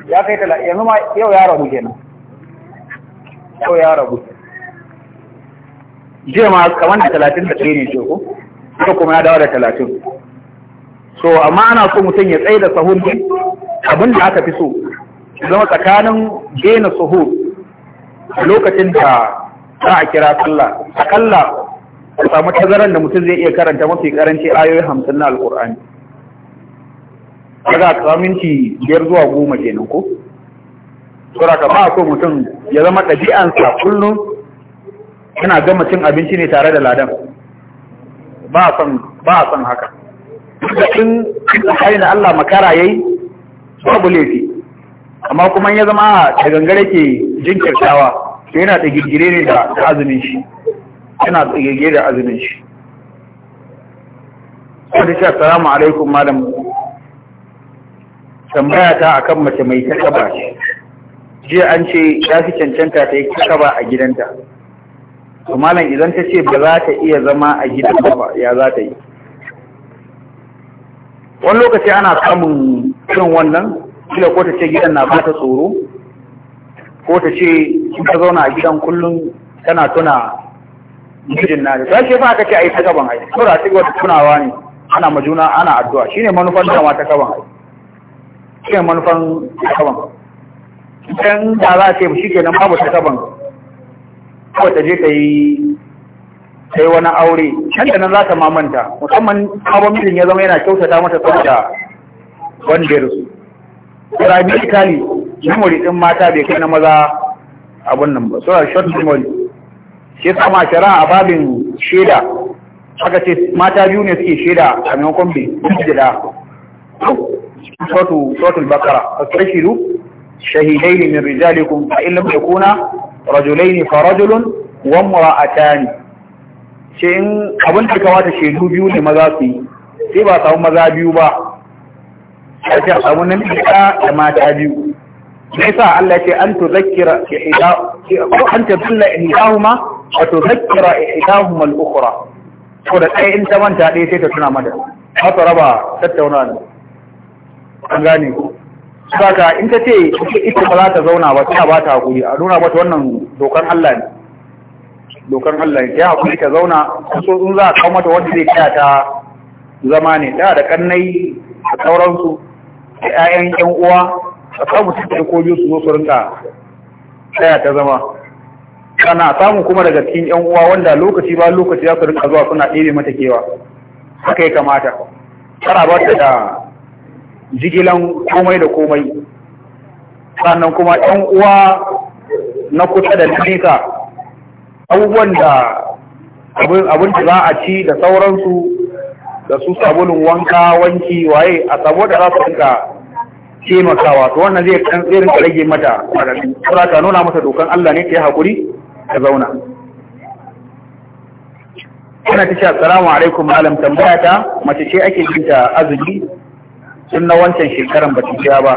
ya kai talatin yanzu ma yau ya rabu kenan yau ya rabu jiya ma kamar da talatin da tsaye ne ce ko ita kuma ya dawo da talatin so amma ana so mutum ya tsaye da sahun ne abin da aka fi so zama tsakanin daina sahu lokacin da za a kira sallah akalla a samu tazaran da mutum zai iya karanta mafi karanci ayoyi hamsin na alkur'ani kaga kawo minti biyar zuwa goma kenan ko sura ka ba so mutum ya zama ɗabi'ansa kullum yana gama cin abinci ne tare da ladan ba a son haka Duk da in hari da Allah makara yayi babu laifi amma kuma ya zama ah, da gangare ke jinkirtawa to yana da girgire ne da azumin shi yana da girgire da azumin shi wanda shi assalamu alaikum malam tambaya ta akan mace mai kaba jiya an ce ya fi cancanta ta yi kaba a gidanta to malam idan ta ce ba za ta iya zama a gidan ba ya za ta yi wani lokaci ana samun cin wannan kila ko ta ce gidan na ba ta tsoro ko ta ce in ta zauna a gidan kullum tana tuna mijin na ta ce ba ka ce ai ta gaban ai da ta wata tunawa ne ana majuna ana addu'a shine manufan da ma ta gaban ai shine manufan ta gaban idan da za ta ce shi babu ta gaban kawai ta je ta yi ta yi wani aure can da nan za ta mamanta musamman sabon mijin ya zama yana kyautata mata saboda wanda ya rasu Itali, memory din mata bai kai na maza abun nan ba sura short memory shi yasa ma shara a babin shaida aka ce mata biyu ne suke shaida a maimakon bi jida sautu sautul bakara a tsashiru shahidai ne min rijalikum fa in lam yakuna rajulaini fa rajulun wa imra'atani shi in abin da kamata shaidu biyu ne maza su yi sai ba samu maza biyu ba sai a samu namiji da mata biyu yasa Allah ce an tuzakkira ko an tadilla ihdahuma wa tuzakkira ihdahuma al-ukhra ko da ɗaya in ta manta ɗaya sai ta tuna mata ba ta raba tattaunawa an gane ku saka in ta ce ita ba za ta zauna ba ta ba ta hakuri a nuna mata wannan dokan Allah ne dokan Allah ne ya hakuri ta zauna so in za a kawo mata wanda zai taya ta zama ne tana da kannai da sauransu da ƴaƴan ƴan uwa a samu cikin ko biyu su zo su rinka ta zama kana samu kuma daga cikin ƴan uwa wanda lokaci ba lokaci za su rinka zuwa suna ɗebe mata kewa haka ya kamata tara ba ta da jigilan komai da komai sannan kuma ɗan uwa na kusa da nika, abubuwan da abin da za a ci da sauransu da su sabulun wanka wanki waye a saboda za su rinka taimakawa to wannan zai kan tsirin da rage mata kwadani za ka nuna masa dokan Allah ne ta yi hakuri ta zauna Yana ta ce assalamu alaikum malam tambaya ta mace ce ake jinta azumi tun na wancan shekaran ba ta ba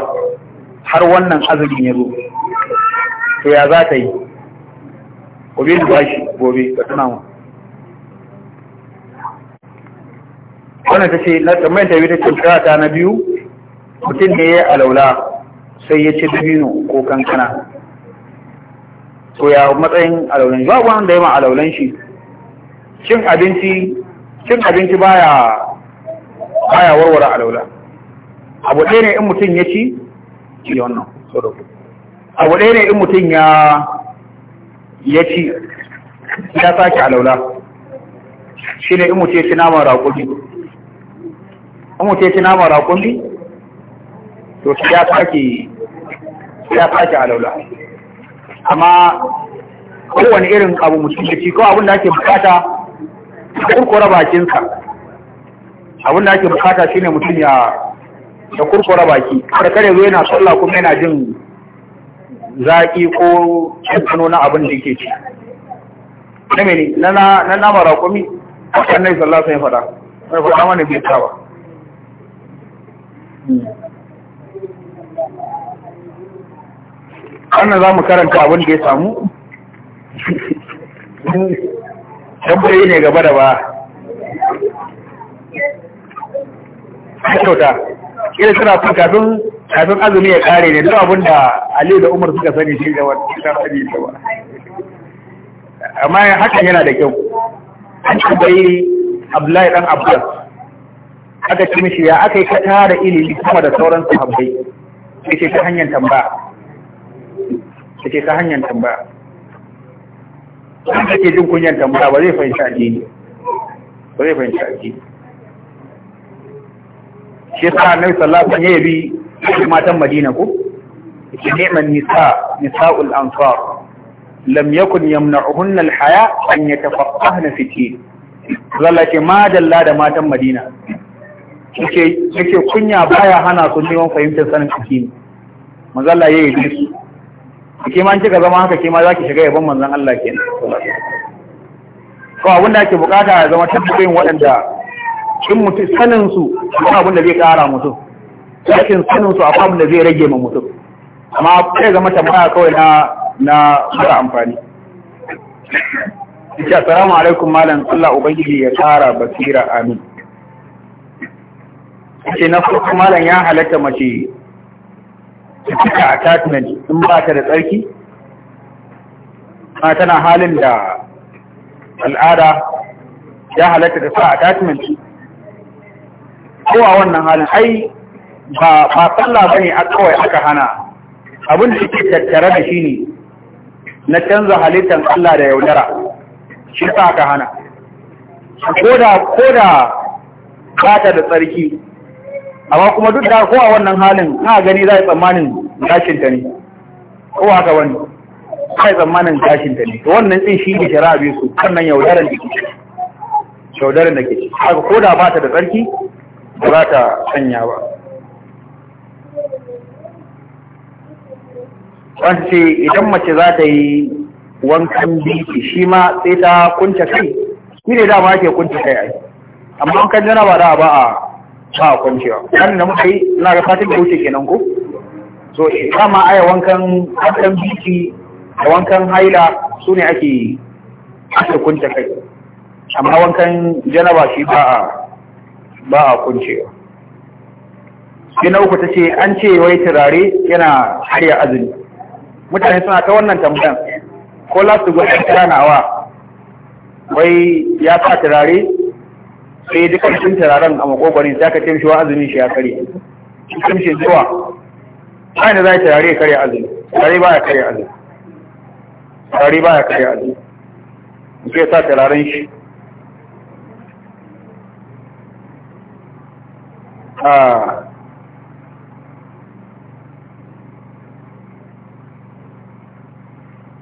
har wannan azumin ya zo to ya za ta yi gobe da bashi gobe ka tuna mu wannan ta ce na tsammanin ta biyu ta ta na biyu mutum ne ya yi alaula sai ya ci dabino ko kankana to ya matsayin alaulan ba wani da yawan alaulan shi cin abinci cin abinci baya baya warware alaula abu ɗaya ne in mutum ya ci ci wannan abu ɗaya ne in mutum ya ya ci ya sake alaula shi ne in mutum ya ci naman raƙumi in mutum ya ci naman raƙumi to ya sake ya sake alaula amma kowane irin abu mutum ya ci ko abin da ake bukata kurkura bakinsa abin da ake bukata shine mutum ya da kurkura baki da kare zo yana sallah kuma yana jin zaki ko cikin na abin da yake ci na mene na na mara kumi a sannan sallah sai fada mai fada mana bai ta ba wannan za mu karanta abin da ya samu tambayi ne gaba da ba kyauta irin suna son kafin kafin azumi ya kare ne duk abin da Aliyu da Umar suka sani shi da wani ta sani da wani amma hakan yana da kyau an tambayi Abdullahi dan Abbas aka ci mishi ya aka yi ka tara ilimi kuma da sauran sahabbai ce ta hanyar tambaya ce ta hanyar tambaya wanda ke jin kunyar tambaya ba zai fahimci addini ba zai fahimci addini shi yasa annabi sallallahu alaihi wasallam ya bi matan Madina ko ne ni'man nisa nisa'ul ansar lam yakun yamna'uhun al-haya an yatafaqqahna fi din zallake ma dalla da matan Madina yake yake kunya baya hana su neman fahimtar sanin addini manzo Allah yayi su kike ma kika zama haka kima zaki shiga yaban manzon Allah kenan ko abin da ake bukata ya zama tabbayin waɗanda in mutum sanin su abin da zai kara mutum Yakin sanin su akwai abin da zai rage ma mutum amma sai zama tambaya kawai na na mara amfani Insha assalamu alaikum malam Allah ubangiji ya kara basira amin ce na farko malam ya halatta mace ta cika attachment in ba ta da tsarki ma tana halin da al'ada ya halatta da sa attachment ko a wannan halin ai ba ba sallah bane a kawai aka hana abin da yake tattare da shi ne na canza halittar Allah da yaudara shi sa aka hana koda koda kata da tsarki amma kuma duk da ko a wannan halin na gani zai tsammanin gashin ta ne ko haka wani kai tsammanin gashin ta ne to wannan din shi ne shari'a bi su kannan yaudaran da ke yaudaran da ke haka koda ta da tsarki ba za ka sanya ba wance idan mace za ta yi wankan biki shi ma sai ta kunta kai shi ne dama ke kunta kai ai amma kan jana ba da ba a ba a ba. kan da muka yi na ga fatin da wuce kenan ko so dama aya wankan wankan biki da wankan haila su ne ake ake kunta kai amma wankan ba shi ba a ba a kuncewa sai na uku ta ce an ce wai turare yana harya azumi mutane suna ta wannan tambayan ko lasu gwada tsananawa wai ya sa turare sai duka cikin turaren a makogwarin sai ka ce shi wa azumi shi ya kare cikin shi zuwa ai da za turare ya kare azumi turare ba ya kare azumi turare ba ya kare azumi sai sa turaren shi Ah.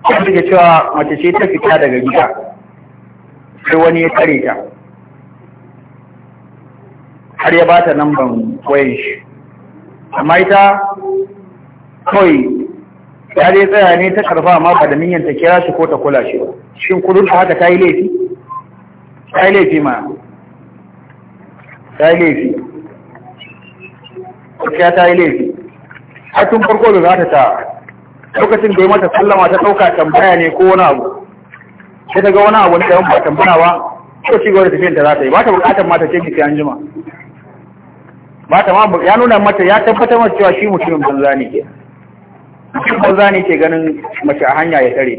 a da cewa mace ce ta fita daga gida sai wani ya kare ta har ya bata namban wayan shi amma ita kawai ya dai tsaya ne ta karfa amma ba da niyyar ta kira shi ko ta kula shi shin kudin ta haka ta yi laifi ta yi laifi ma ta yi laifi gaskiya ta yi laifi a tun farko da za ta ta lokacin da ya mata sallama ta ɗauka tambaya ne ko wani abu sai ta ga wani abu da ba tambaya ba ko ci gaba da tafiyan ta za ta yi ba ta bukatar mata ce ki an jima ba ta ma ya nuna mata ya tabbatar mata cewa shi mutumin banza ne ke mutumin banza ne ke ganin mace a hanya ya tare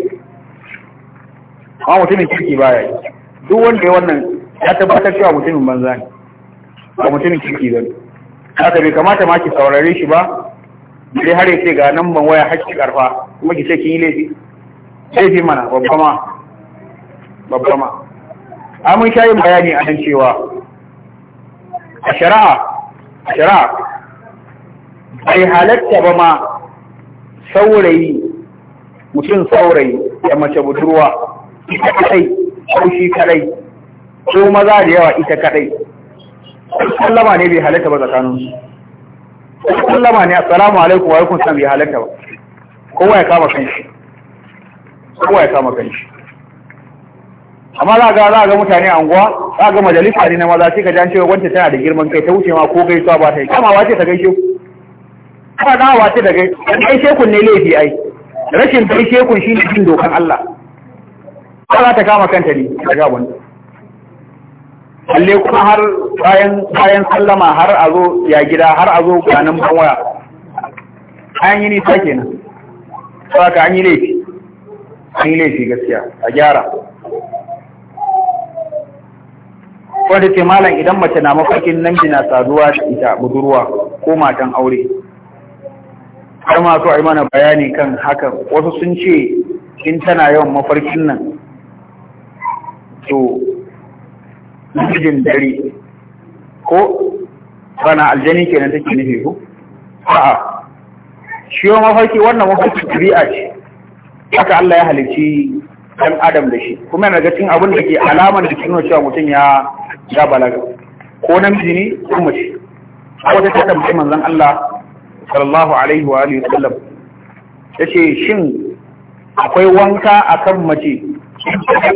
amma mutumin kirki baya yi duk wanda ya wannan ya tabbatar cewa mutumin banza ne ba mutumin kirki ba ne haka bai kamata ma ki saurare shi ba sai har yace ga nan ban waya hakki karfa kuma ki ce kin yi laifi laifi mana babba ma babba ma A sha shayin bayani a nan cewa a shari'a a shari'a bai halatta ba ma saurayi mutum saurayi ya mace budurwa ita kadai ko shi kadai ko maza da yawa ita kadai sallama ne bai halatta ba tsakanin su sallama ne assalamu alaikum wa alaikum salam bai halatta ba kowa ya kama kanshi kowa ya kama kanshi amma za ga za ga mutane a unguwa za ga majalisa ne na maza sai ka jan cewa wanda tana da girman kai ta wuce ma ko gaisuwa ba ta yi kamawa ce ta gaishe ku. kana dawowa ce ta gaishe gaishe kun ne laifi ai rashin gaishe kun shine jin dokan Allah ba za ta kama kanta ne daga wannan Halle kuma har bayan bayan sallama har a zo ya gida har a zo ganin waya. an yi nisa kenan saka an yi laifi an yi laifi gaskiya a gyara wanda ce malam idan mace na mafakin namiji na saduwa da ita budurwa ko matan aure har masu a yi mana bayani kan hakan wasu sun ce in tana yawan mafarkin nan to namijin dare ko bana aljani kenan take nufi ko a'a shi wa mafarki wannan mafarki tabi'a ce haka Allah ya halicci dan adam da shi kuma yana ga cin abin da ke alaman da kino cewa mutum ya ya balaga ko namiji ne ko mace ko ta tambayi manzon Allah sallallahu alaihi wa alihi wasallam ce shin akwai wanka akan mace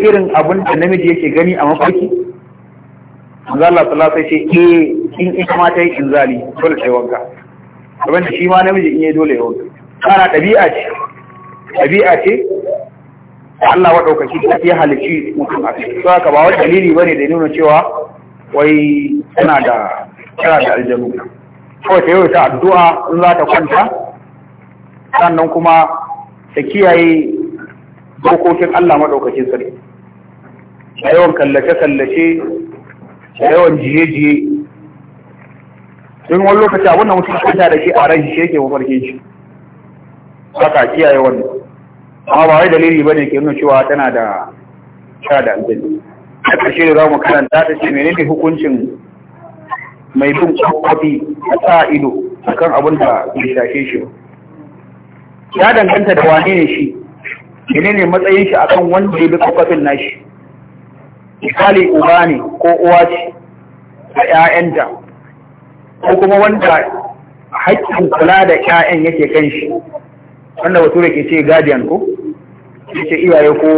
irin abin da namiji yake gani a mafarki manzo Allah sallallahu alaihi ce eh in ita ma ta yi inzali dole ta yi wanka kamar shi ma namiji in yi dole ya wanka kana ɗabi'a ce ɗabi'a ce Allah maɗaukaki ta iya halicci mutum a cikin su haka ba wani dalili ba ne da nuna cewa wai tana da tana da aljanu kawai ta yau ta addu'a in za ta kwanta sannan kuma ta kiyaye dokokin Allah maɗaukakin sarki a yawan kallace-kallace da yawan jiye-jiye sun wani lokaci abin da mutum kwanta da shi a ran shi yake mafarkin shi haka kiyaye wannan amma ba wai dalili ba ne ke nuna cewa tana da sha da aljanna a ƙarshe da za mu karanta ta ce menene hukuncin mai bin kwafi a sa ido a kan abin da bai shafe shi ba ya danganta da wane ne shi menene matsayin shi akan wanda ya bi kwafin nashi misali uba ne ko uwa ce da ‘ya'yanta ko kuma wanda haƙƙin kula da ‘ya'yan yake kan shi wanda da ke ce guardian ko ke ce iyaye ko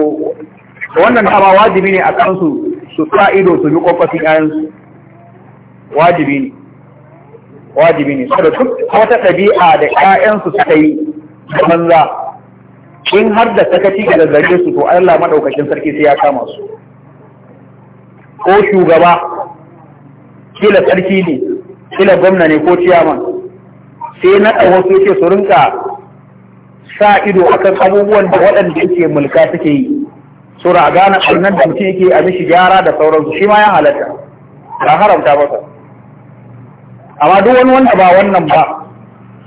wannan kama wajibi ne a kansu su sa ido su yi ƙofafin ‘ya'yansu wajibi ne wajibi ne saboda duk wata ɗabi'a da ‘ya'yansu suka yi da manza in har da sakaci ga zazzage su to Allah madaukakin sarki sai ya kama su ko shugaba kila sarki ne kila gwamna ne ko ciyaman sai na wasu yake su rinka sa ido akan abubuwan da waɗanda yake mulka suke yi su raga na annan da mutum yake a mishi gyara da sauransu shi ma ya halatta ba haramta ba sa. amma duk wani wanda ba wannan ba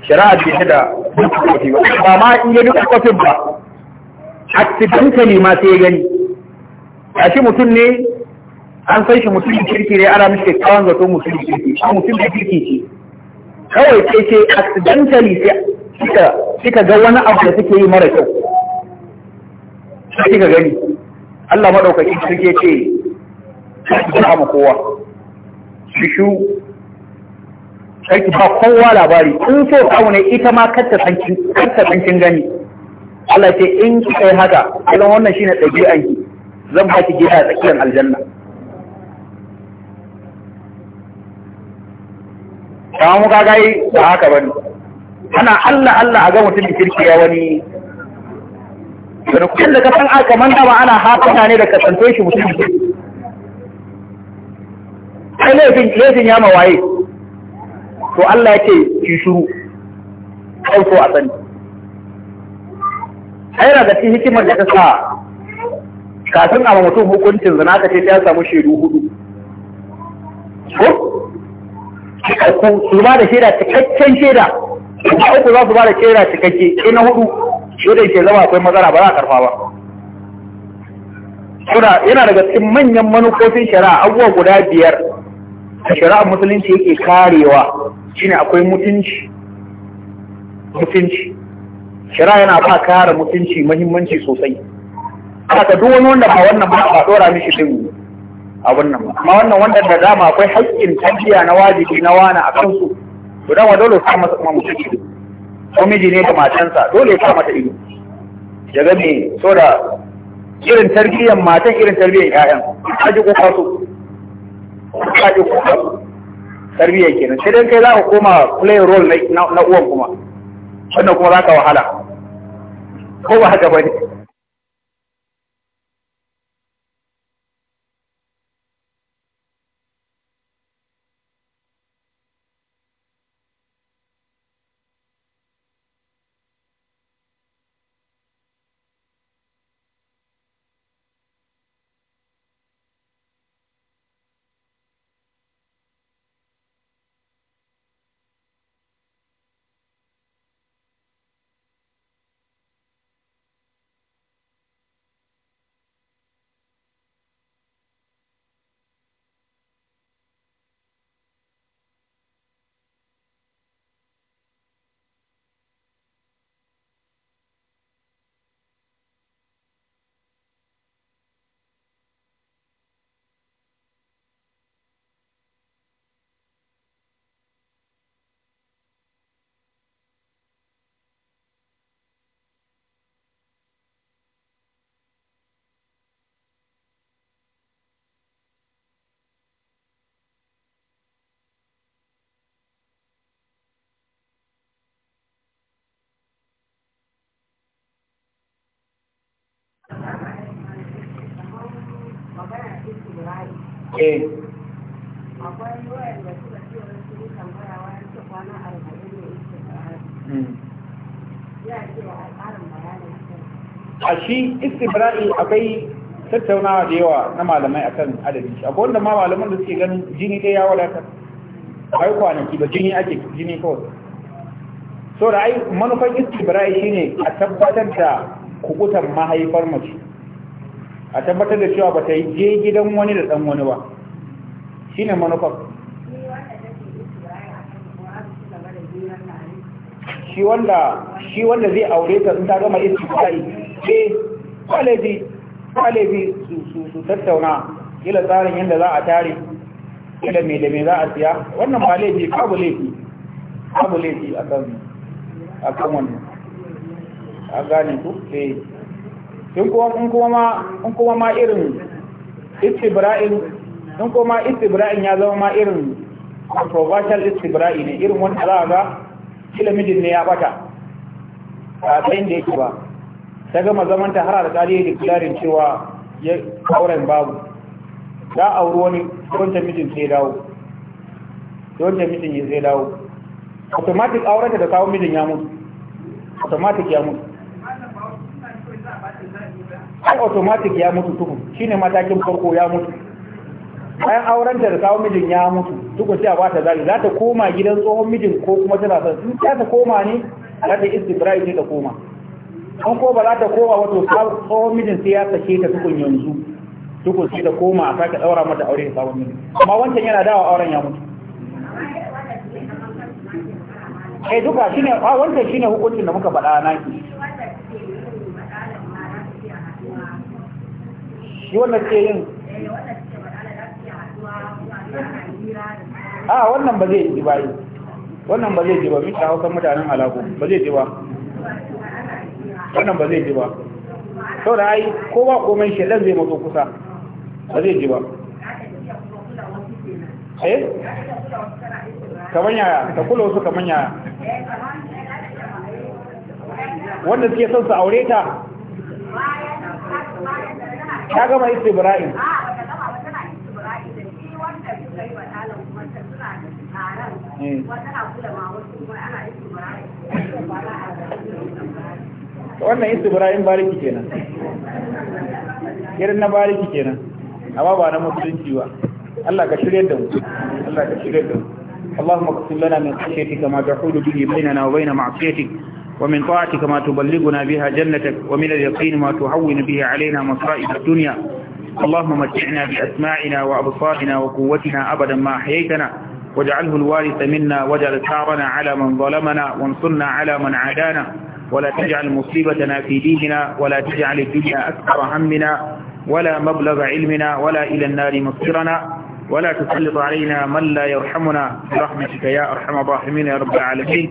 shari'a ce da kwafi ba ba ma in ya duka kwafin ba a cikin kalima sai gani a shi mutum ne an san shi mutumin kirki ne ana mishi kyakkyawan zato mutumin kirki shi mutumin kirki ce kawai sai ce accidentally sai ka ga wani abu da suke yi mara kyau sai ka gani Allah madaukaki suke ce ki ba kowa. kowa shishu sai ba kowa labari in so kawo ne ita ma katta sankin gani Allah ce in kika yi haka Allah wannan shine dabi'anki zan ba ki gida tsakiyar aljanna kama muka gai ba haka ba ne ana Allah Allah a ga mutum da kirki ya wani rukun da kasan aka manta ba ana hafata ne da kasanto shi mutum da sai laifin laifin ya mawaye to Allah yake ki shuru so a sani ai da cikin hikimar da ta sa kafin a mutum hukuncin zina ka ce ta samu shaidu hudu ku ba da shaida cikakken shaida ba uku za su ba da shaida cikakke sai na hudu shaidar ke zama akwai matsala ba za a karfa ba suna yana daga cikin manyan manufofin shari'a abubuwa guda biyar a shari'ar musulunci yake karewa shine akwai mutunci mutunci shari'a yana ba kare mutunci muhimmanci sosai haka duk wani wanda ba wannan ba a dora mishi din abun nan amma wannan wanda da dama akwai haƙƙin tabiya na wajibi na wani a kansu to dama dole sa masa kuma mutum ido ko miji ne da matansa dole sa mata ido ya ga me so da irin tarbiyyar matan irin tarbiyyar ƴaƴan ka ji ko kaso ka ji ko kaso tarbiyyar kenan sai dan kai za ka koma play role na uwan kuma wannan kuma za ka wahala ko ba haka ba ne Eh. suka ne bayanin hmm. a shi istibra'i akwai tattaunawa da yawa na malamai akan adadin shi akwai wanda ma malaman da suke ganin jini ɗaya ya wadatar Kai kwanaki ba jini ake jini kawai so da ai manufan istibra'i shine a tabbatar da kukutan mahaifar mace a tabbatar da cewa ba ta yi je gidan wani da ɗan wani ba shi ne manufar shi wanda zai aure ta sun ta gama isi yi ce kwalebi kwalebi su tattauna ila tsarin yadda za a tare ila mai da mai za a siya wannan ba laifi babu laifi laifi a kan wani a gane ku eh in kuma in kuma ma in kuma ma irin istibra'in in kuma ma istibra'in ya zama ma irin controversial istibra'i ne irin wani za ga kila ilimijin ne ya bata a tsayin da yake ba ta gama zaman ta har alƙali da kilarin cewa ya auren babu za a wuri wani wancan mijin sai dawo wancan mijin ya sai dawo automatic aurenta da kawo mijin ya mutu automatic ya mutu an automatic ya mutu tukun shine matakin farko ya mutu bayan auren da kawo mijin ya mutu tukun sai a bata zari za ta koma gidan tsohon mijin ko kuma tana son sun ta ta koma ne za ta istibrai ne ta koma an ko ba za ta koma wato tsohon mijin sai ya sake ta tukun yanzu tukun sai ta koma a sake daura mata aure da sabon mijin amma wancan yana dawa auren ya mutu eh duka shine a wancan shine hukuncin da muka faɗa naki shi wannan ke yin a ah, wannan ba zai ji bayi wannan ba zai ji ba mita haukan mutanen alaƙo ba zai ji ba wannan ba zai ji ba sau da ai ko ba komai shaɗan zai matso kusa ba zai ji ba eh kamar yaya ta kula wasu kamar yaya wanda suke son su aure ta ya gama ita ibrahim eh. wannan isa ibrahim bariki kenan irin na bariki kenan amma ba na musulunci ba Allah ka shirya da mu Allah ka shirya da mu Allahumma qsim lana min khashyatika ma tahulu bihi bainana wa bayna ma'siyatika ومن طاعتك ما تبلغنا بها جنتك ومن اليقين ما تهون به علينا مصائب الدنيا اللهم متعنا بأسماعنا وأبصارنا وقوتنا أبدا ما أحييتنا واجعله الوارث منا واجعل ثارنا على من ظلمنا وانصرنا على من عادانا ولا تجعل مصيبتنا في ديننا ولا تجعل الدنيا أكثر همنا ولا مبلغ علمنا ولا إلى النار مصيرنا ولا تسلط علينا من لا يرحمنا برحمتك يا أرحم الراحمين يا رب العالمين